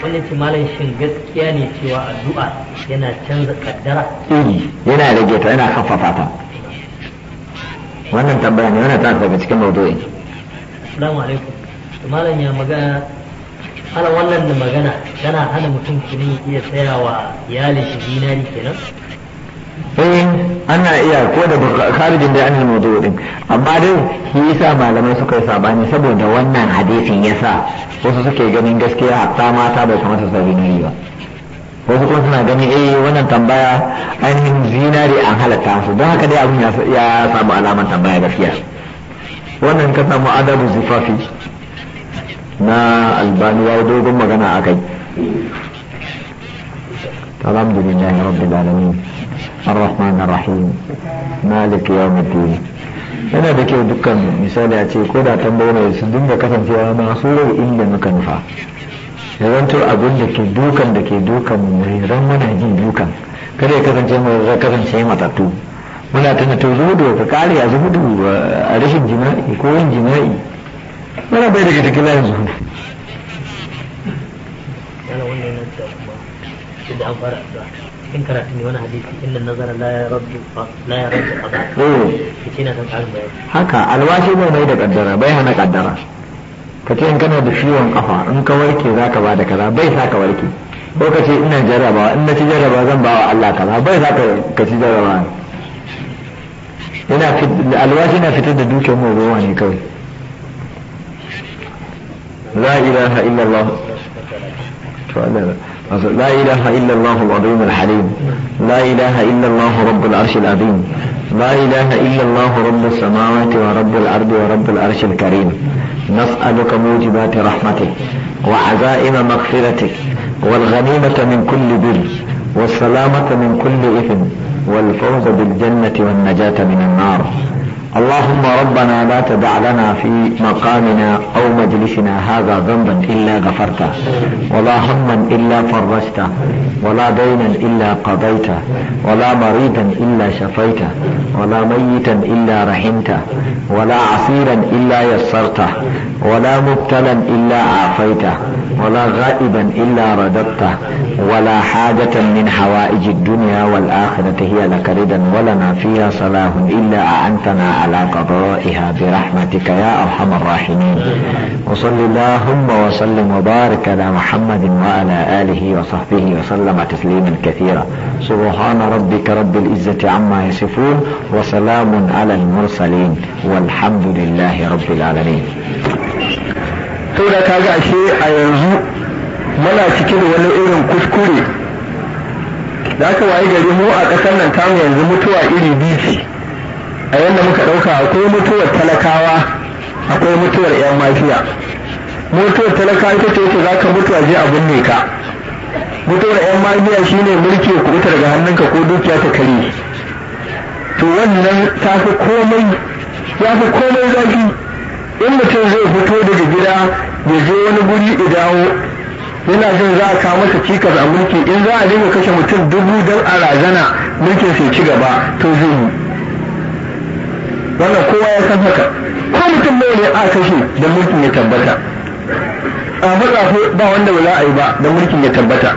wannan ce malam shin gaskiya ne cewa addu'a yana canza kaddara yana rage ta yana kaffafa ta wannan tambaya ne wannan tana ga cikin maudu'in salamu alaikum malam ya magana ana wannan da magana tana hana mutum kini iya tsayawa iyalin shi dinari kenan eh ana iya ko da kharijin da annal mawdu'u din amma dai shi yasa malamai suka yi sabani saboda wannan hadisin yasa wasu suke ganin gaskiya ta mata bai kamata su dinari ba wasu kuma suna gani eh wannan tambaya ainihin zinari an halatta su don haka dai abin ya samu alamar tambaya gaskiya wannan ka samu adabu zufafi na albani ya dogon magana a kai alhamdulillah rabbil alamin الرحمن الرحيم مالك يوم الدين yana da kyau dukkan misali a ce ko da tambayoyi su dinga kasancewa masu rai inda muka nufa ya abin da ke dukan da ke dukan mai ran mana jin dukan kada ya kasance mu kasance matattu muna tana to zuhudu ka kare a zuhudu a rashin jima'i ko yin jima'i wani bai daga cikin layin zuhudu da an fara in karatu ne wani hadisi inda nazara la ya rabbu la ya rabbu oh. haka alwashi bai mai da kaddara bai hana kaddara ka ce in kana da ciwon kafa in ka warke za ka ba da kaza bai sa ka warke ko ka ce ina jarrabawa in na ci jarrabawa zan ba wa Allah kaza bai sa ka ci jarrabawa yana alwashi na fitar da dukiyar mu ruwa ne kawai la ilaha illallah to Allah لا إله إلا الله العظيم الحليم لا إله إلا الله رب العرش العظيم لا إله إلا الله رب السماوات ورب الأرض ورب العرش الكريم نسألك موجبات رحمتك وعزائم مغفرتك والغنيمة من كل بر والسلامة من كل إثم والفوز بالجنة والنجاة من النار اللهم ربنا لا تدع لنا في مقامنا او مجلسنا هذا ذنبا الا غفرته ولا هما الا فرجته ولا دينا الا قضيته ولا مريضا الا شفيته ولا ميتا الا رحمته ولا عسيرا الا يسرته ولا مبتلا الا عافيته ولا غائبا الا رددته ولا حاجة من حوائج الدنيا والاخرة هي لك ردا ولنا فيها صلاح الا اعنتنا على قضائها برحمتك يا أرحم الراحمين وصل اللهم وسلم وبارك على محمد وعلى آله وصحبه وسلم تسليما كثيرا سبحان ربك رب العزة عما يصفون وسلام على المرسلين والحمد لله رب العالمين saboda ka ga ashe ملا yanzu muna cikin wani لكن kuskure da aka waye gari mu a ƙasar a yadda muka ɗauka akwai mutuwar talakawa akwai mutuwar 'yan mafiya mutuwar talakawa ita ce yake za ka mutu a je a binne ka mutuwar 'yan mafiya shine mulki ya kubuta daga hannunka ko dukiya ta kare to wannan ta fi komai ya fi komai zafi in mutum zai fito daga gida ya je wani guri ya dawo yana jin za a kawo masa cikas a mulki in za a dinga kashe mutum dubu don a razana mulkin sai ci gaba to zai yi wannan kowa ya san haka ko mutum mai ne a kashe da mulkin ya tabbata a matsafi ba wanda ba za a yi ba da mulkin ya tabbata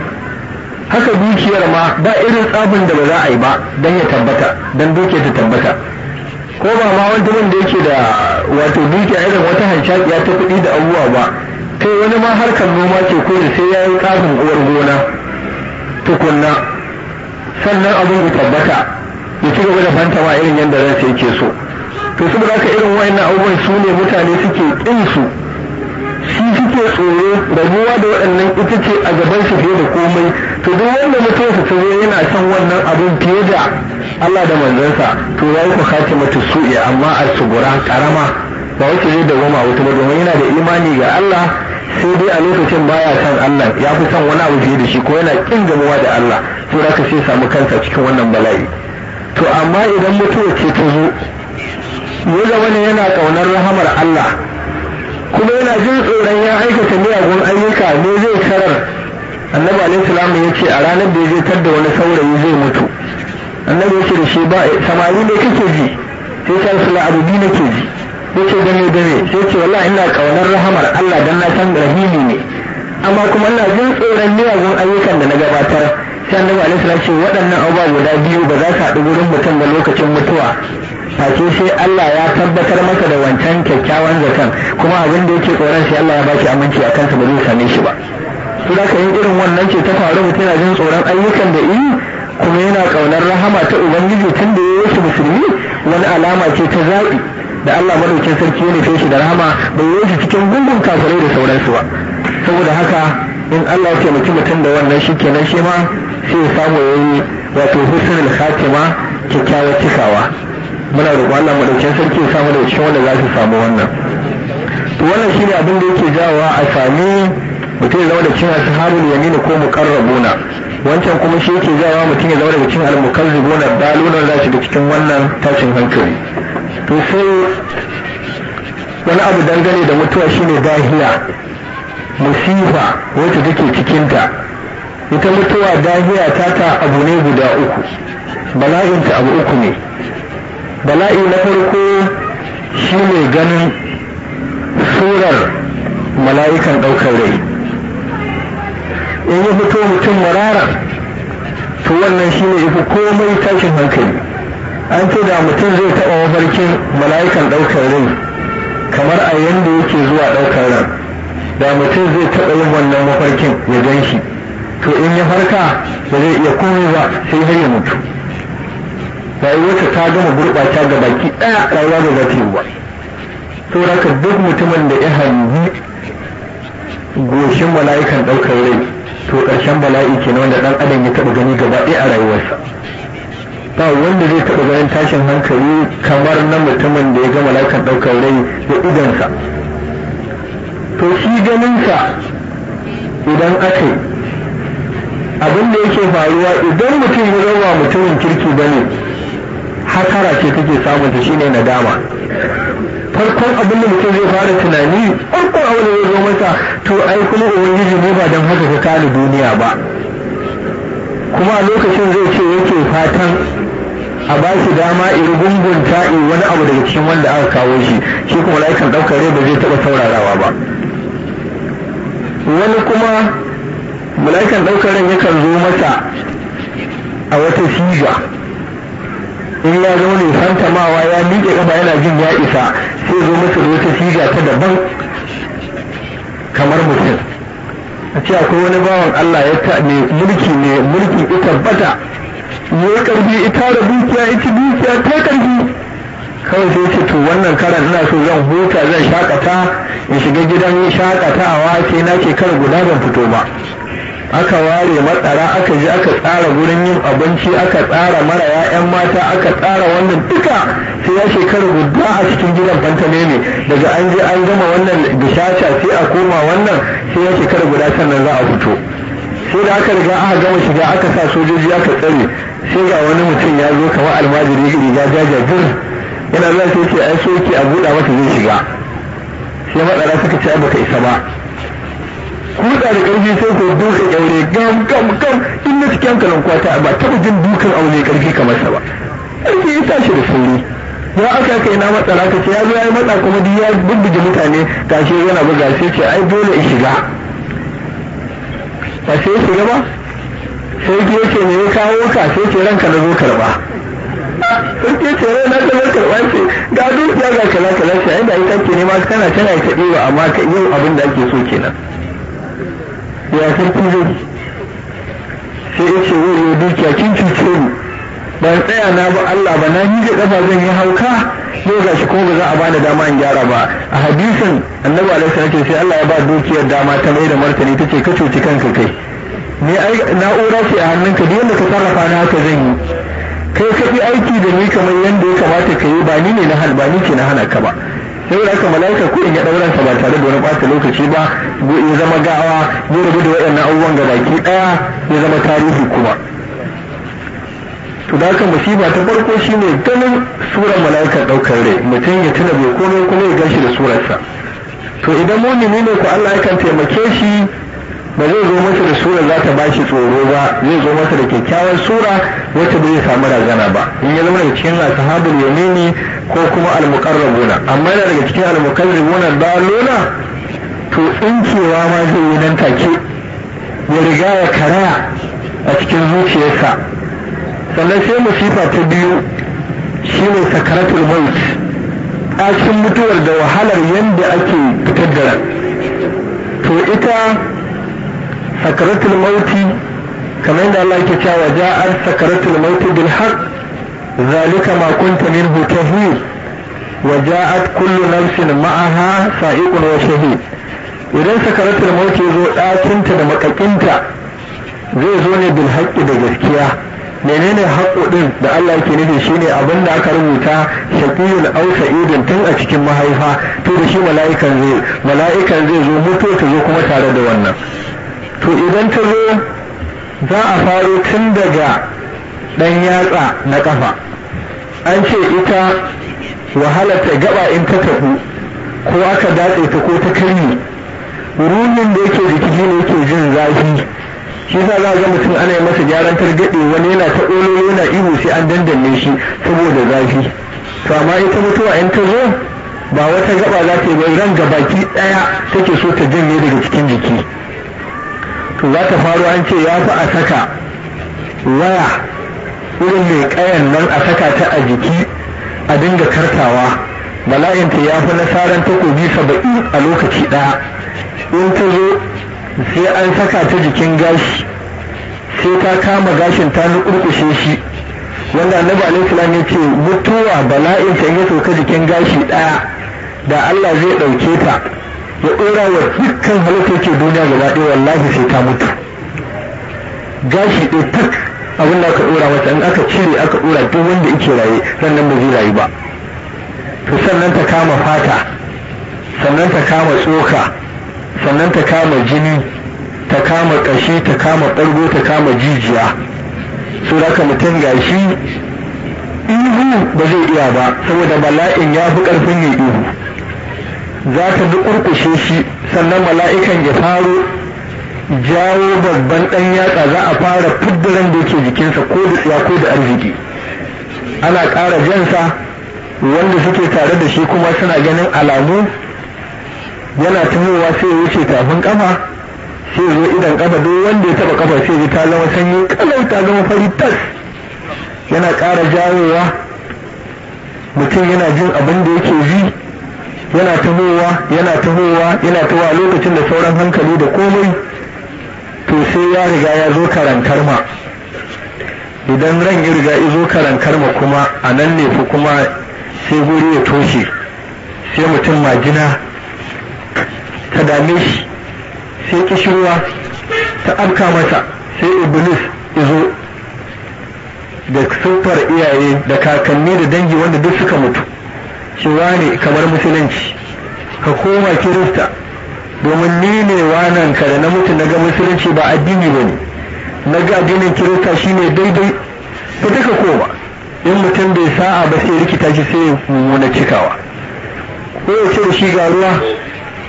haka dukiyar ma ba irin tsabin da ba za a yi ba don ya tabbata don doke ta tabbata ko ba ma wanda wanda yake da wato dukiya irin wata hanshaƙiya ta kuɗi da abubuwa ba kai wani ma harkar noma ke koyi sai ya yi tsabin uwar gona tukunna sannan abin ya tabbata ya ci gaba da fantama irin yadda ransa yake so to saboda haka irin wayannan abubuwan su ne mutane suke kin su shi suke tsoro rabuwa da waɗannan ita ce a gaban su fiye da komai to duk wanda su ta zo yana son wannan abin fiye da Allah da manzansa to ya yi kwakati mata su'i amma a tsugura karama ba wace zai da goma wata ba domin yana da imani ga Allah sai dai a lokacin baya son Allah ya fi son wani abu fiye da shi ko yana kin gamuwa da Allah da haka sai samu kansa cikin wannan bala'i to amma idan mutuwa ce ta zo ya zama ne yana ƙaunar rahamar Allah kuma yana jin tsoron ya aikata miyagun ayyuka ne zai tarar annabi alaihi salam ya ce a ranar da ya tar da wani saurayi zai mutu annabi ya ce da shi ba samari ne kake ji sai ta rasu biyu nake ji ya ce dame dame sai ce wallahi ina ƙaunar rahamar Allah dan na san rahimi ne amma kuma ina jin tsoron miyagun ayyukan da na gabatar sai annabi alaihi salam ce waɗannan abubuwa guda biyu ba za su haɗu gurin mutum da lokacin mutuwa face sai Allah ya tabbatar masa da wancan kyakkyawan zakan kuma abin da yake tsoron sai Allah ya bashi aminci akan ta ba zai same shi ba to da yin irin wannan ce ta faru mutum yana jin tsoron ayyukan da yi kuma yana kaunar rahama ta ubangiji tun da ya yi musulmi wani alama ce ta zaɓi da Allah madaukin sarki ya sai shi da rahama bai yi shi cikin gungun kafirai da sauransu ba saboda haka in Allah ya mutum mutum da wannan shi kenan shi ma sai ya samu yayi wato husnul khatima kyakkyawar cikawa muna da Allah madaukakin sarki ya samu da cikin wanda za su samu wannan to wannan shine abin da yake jawowa a sami mutum ya zama da cikin ashabul yamin ko muqarrabuna wancan kuma shi yake jawowa mutum ya zama daga cikin al-mukazzibuna daluna za shi da cikin wannan tashin hankali to sai wani abu dangane da mutuwa shine dahiya musifa wacce take cikinta ita mutuwa dahiya ta ta abu ne guda uku bala'inta abu uku ne bala'i na farko shi ne ganin surar mala'ikan ɗaukar rai in ya fito mutum marara to wannan shi ne ifi komai tashin hankali an ce da mutum zai taɓa mafarkin mala'ikan ɗaukar rai kamar a yadda yake zuwa ɗaukar ran da mutum zai taɓa yin wannan mafarkin ya gan shi to in ya farka ba zai iya komai ba sai har ya mutu rayuwarsa ta gama gurɓata ga baki ɗaya rayuwa da za ta yi ba saboda duk mutumin da ya hangi goshin mala'ikan ɗaukar rai to ƙarshen bala'i ke wanda ɗan adam ya taɓa gani gaba ɗaya a rayuwarsa ba wanda zai taɓa ganin tashin hankali kamar na mutumin da ya ga mala'ikan ɗaukar rai da idonsa to shi ganinsa idan aka yi abin da yake faruwa idan mutum ya zama mutumin kirki ba ne hasara ce kake samun ta shine nadama farkon abin da mutum zai fara tunani farkon abin da zai zo masa to ai kuma ubangiji ne ba don haka ka kare duniya ba kuma lokacin zai ce yake fatan a ba shi dama iri gungunta in wani abu daga cikin wanda aka kawo shi shi kuma laifin ɗaukar rai ba zai taɓa saurarawa ba wani kuma laifin ɗaukar rai yakan zo masa a wata siga in ya zama mai fantamawa ya miƙe kafa yana jin ya isa sai zo masa da wata siga ta daban kamar mutum a ce akwai wani bawan Allah ya ta mai mulki ne mulki ita tabbata ya karbi ita da dukiya Ita dukiya ta karbi kawai sai ce to wannan karan ina so zan huta zan shakata in shiga gidan shakatawa sai na shekara guda ban fito ba aka ware matsara aka ji aka tsara gurin yin abinci aka tsara mara ya'yan mata aka tsara wannan duka sai ya shekara guda a cikin gidan fantane ne daga an je an gama wannan bishasha sai a koma wannan sai ya shekara guda sannan za a fito sai da aka riga aka gama shiga aka sa sojoji aka tsare sai ga wani mutum ya zo kamar almajiri riga jajajir yana zai sai ce ai soki a buɗa masa zai shiga sai matsara suka ce baka isa ba kuɗa da ƙarfi sai ku duka ƙyaure gam gam gam in na cikin kalan kwata ba taɓa jin dukan aure ƙarfi kamar sa ba ƙarfi ya tashi da sauri ya aka kai na matsala ka ce ya zo ya yi matsa kuma duk ya bubbuge mutane gashi yana buga sai ce ai dole in shiga ba sai ya shiga ba sai ki ce me ya kawo ka sai ce ranka na zo karba sai ki ce rai na ta zo karba ce ga dukiya ga kala kala sai inda ita ke nema kana tana ta ɗiba amma yau abin da ake so kenan ya sarki zai sai ya ce wani ya dukiya kin cuce ban tsaya na ba Allah ba na miƙe kafa zan yi hauka ga gashi ko ba za a bani dama in gyara ba a hadisin annabi alaihi salatu sai Allah ya ba dukiyar dama ta mai da martani ta ce ka cuci kanka kai ne ai na'ura ce a hannunka duk yadda ka sarrafa na haka zan yi kai ka fi aiki da ni kamar yadda ya kamata ka yi ba ni ne na hal ba ni ke na hana ka ba da aka mala'ika ko in ya dauran ba tare da wani bata lokaci ba ya zama gawa ya rabu da waɗannan abubuwan ga baki daya ya zama tarihi kuma to da aka musiba ta farko shine ganin sura mala'ikar daukar rai mutum ya tuna bai komai kuma ya gashi da surarsa to idan mumini ne ko Allah yakan taimake shi ba zai zo masa da sura za ta bashi tsoro ba zai zo masa da kyakkyawar sura wacce bai samu razana ba in ya zama daga cikin ashabul yamini ko kuma almuqarrabuna amma yana daga cikin almuqarrabuna lona? to in cewa ma zai yi nan take ya riga ya karaya a cikin zuciyarsa sannan sai musifa ta biyu shine sakaratul maut ɗakin mutuwar da wahalar yadda ake fitar da ran to ita sakaratul mauti kamar yadda Allah ke cewa ja'ar sakaratul mauti bil haqq zalika ma kunta minhu tahir wa ja'at kullu nafsin ma'aha sa'iqun wa shahid idan sakaratul mauti zo ɗakinta da makakinta zai zo ne bil haqqi da gaskiya menene haƙo ɗin da Allah yake nufi shine abin da aka rubuta shaqiyul aw tun a cikin mahaifa to da shi mala'ikan zai mala'ikan zai zo mutuwa ta zo kuma tare da wannan to idan ta zo za a faro tun daga ɗan yatsa na ƙafa an ce ita wahala ta gaba in ta tafi ko aka datse ta ko ta karye ruhin da yake jiki ne yake jin zafi shi za a ga mutum ana yi masa gyaran targaɗe wani yana ta ƙololo yana ihu sai an dandanne shi saboda zafi to amma ita mutuwa in ta zo ba wata gaba za ta yi ran baki ɗaya take so ta janye daga cikin jiki to za ta faru an ce ya fi a saka waya irin mai kayan nan a saka ta a jiki a dinga kartawa bala'inta ya fi nasarar takobi saba'in a lokaci ɗaya in ta zo sai an saka ta jikin gashi sai ta kama gashin ta nukurkushe shi wanda annabi alaihi ya ce mutuwa bala'inta in ya sauka jikin gashi ɗaya da Allah zai ɗauke ta ya ɗora wa dukkan halittar ke duniya gaba ɗaya wallahi sai ta mutu gashi ɗaya tak abin da aka ɗora mata in aka cire aka ɗora duk wanda yake raye sannan ba zai rayu ba to sannan ta kama fata sannan ta kama tsoka sannan ta kama jini ta kama ƙashi ta kama ɓargo ta kama jijiya da raka mutum gashi ihu ba zai iya ba saboda bala'in ya fi ƙarfin ya ihu za ta bi ƙurƙushe shi sannan mala'ikan ya faro jawo babban ɗan yatsa za a fara fudduran da yake jikinsa ko da tsiya ko da arziki ana ƙara jansa wanda suke tare da shi kuma suna ganin alamu yana tunowa sai ya wuce tafin kafa sai zo idan kafa duk wanda ya taba kafa sai ta zama sanyi kalau ta zama fari tas yana ƙara jawowa mutum yana jin abin da yake ji yana tahowa yana tahowa yana tahowa lokacin da sauran hankali da komai to sai ya riga ya zo karantar ma idan ran ya riga ya zo karantar ma kuma a nan ne fa kuma sai guri ya toshe sai mutum majina ta dame shi sai kishirwa ta abka masa sai iblis ya zo da siffar iyaye da kakanni da dangi wanda duk suka mutu shi wane kamar musulunci ka koma kirista domin ni ne wanan ka da na mutu na ga musulunci ba addini ba ne na ga addinin kirista shine daidai ka duka koma in mutum bai sa'a ba sai rikita shi sai mummuna cikawa ko ya ce da shi ga ruwa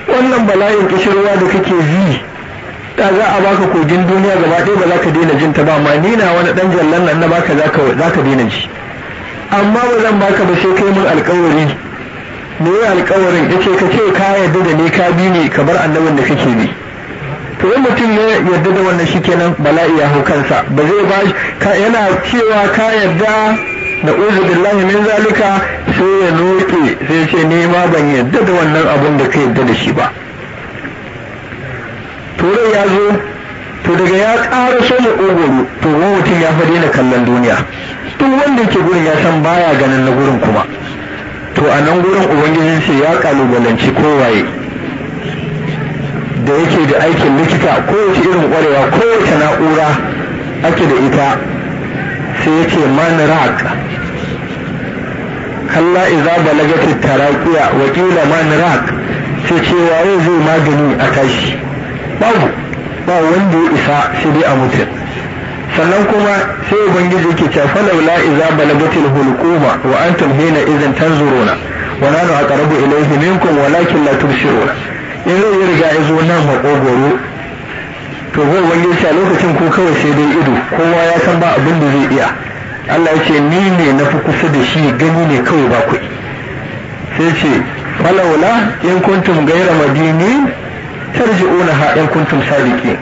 wannan bala'in kishirwa da kake ji da za a baka kogin duniya gaba ɗaya ba za ka daina jin ta ba ma ni na wani ɗan jallan nan na baka za ka daina ji amma ba zan baka ba sai kai min alkawari me yi alkawarin yace ka ce ka yarda da ni ka bi ni ka bar annabin da kake bi to in mutum ya yarda da wannan shikenan bala'i ya kansa ba zai ba yana cewa ka yarda da uzu billahi min zalika sai ya noke sai ce ni ma ban yarda da wannan abun da ka yarda da shi ba turai ya zo to daga ya ƙara so ya ogoro to mutum ya fadi daina kallon duniya duk wanda ke gurin ya san baya ganin na gurin kuma to a nan gurin ubangijin sai ya kalubalanci kowaye da yake da aikin likita kowace irin kwarewa kowace na'ura ake da ita sai ya ce man raq kalla iza balagatit taraqiya wa qila man raq sai ce waye zai magani a kashi. babu ba wanda ya isa sai dai a mutum sannan kuma sai ubangiji yake cewa falawla iza balagatil hulquma wa antum hina idan tanzuruna wa nanu aqrabu ilayhi minkum walakin la tubshiruna in zai riga ya zo nan makogoro to zai ubangiji a lokacin ko kawai sai dai ido kowa ya san ba abin da zai iya Allah ya ce ni ne na fi kusa da shi gani ne kawai ba kuɗi sai ce falawla in kuntum gaira madini ha in kuntum sadiqin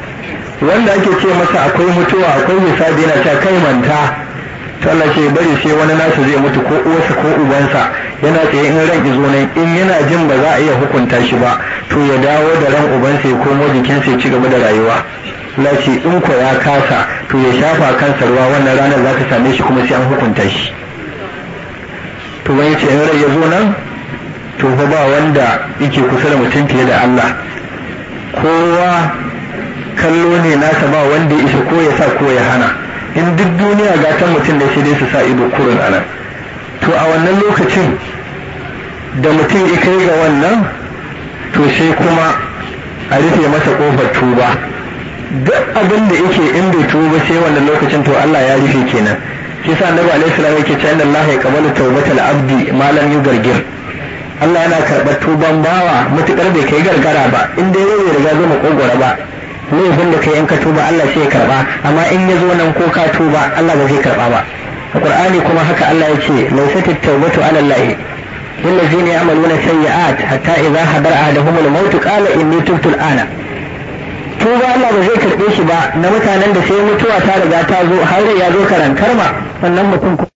wanda ake ce masa akwai mutuwa akwai da yana ta kai manta to ce bari sai wani nasu zai mutu ko uwarsa ko ubansa yana tsaye in ran izo nan in yana jin ba za a iya hukunta shi ba to ya dawo da ran ubansa ya komo jikinsa ya ci gaba da rayuwa Allah ce in ko ya kasa to ya shafa kansa ruwa wannan ranar za ta same shi kuma sai an hukunta shi to wani ce in rai nan to ba wanda yake kusa da mutum fiye da Allah kowa kallo ne nasa ba wanda ya isa ko ya sa ko ya hana in duk duniya ga ta mutum da shi dai su sa ido kurun anan to a wannan lokacin da mutum ya kai ga wannan to sai kuma a rufe masa kofar tuba duk abin da yake in bai tuba sai wannan lokacin to Allah ya rufe kenan kisa annabi alaihi salam yake cewa inna Allah ya qabalu tawbatal abdi lam yugargir Allah yana karɓar tuban bawa matukar bai kai gargara ba inda dai ya riga zama makogora ba laifin da kai in ka tuba Allah sai ya karba amma in ya zo nan ko ka tuba Allah ba zai karba ba a qur'ani kuma haka Allah ya ce laysat at-tawbatu 'ala Allah للذين يعملون السيئات حتى إذا حضر أحدهم الموت قال إني تبت ana. tuba Allah ba zai karɓe shi ba na mutanen da sai mutuwa ta riga ta zo har ya zo karan karma wannan mutum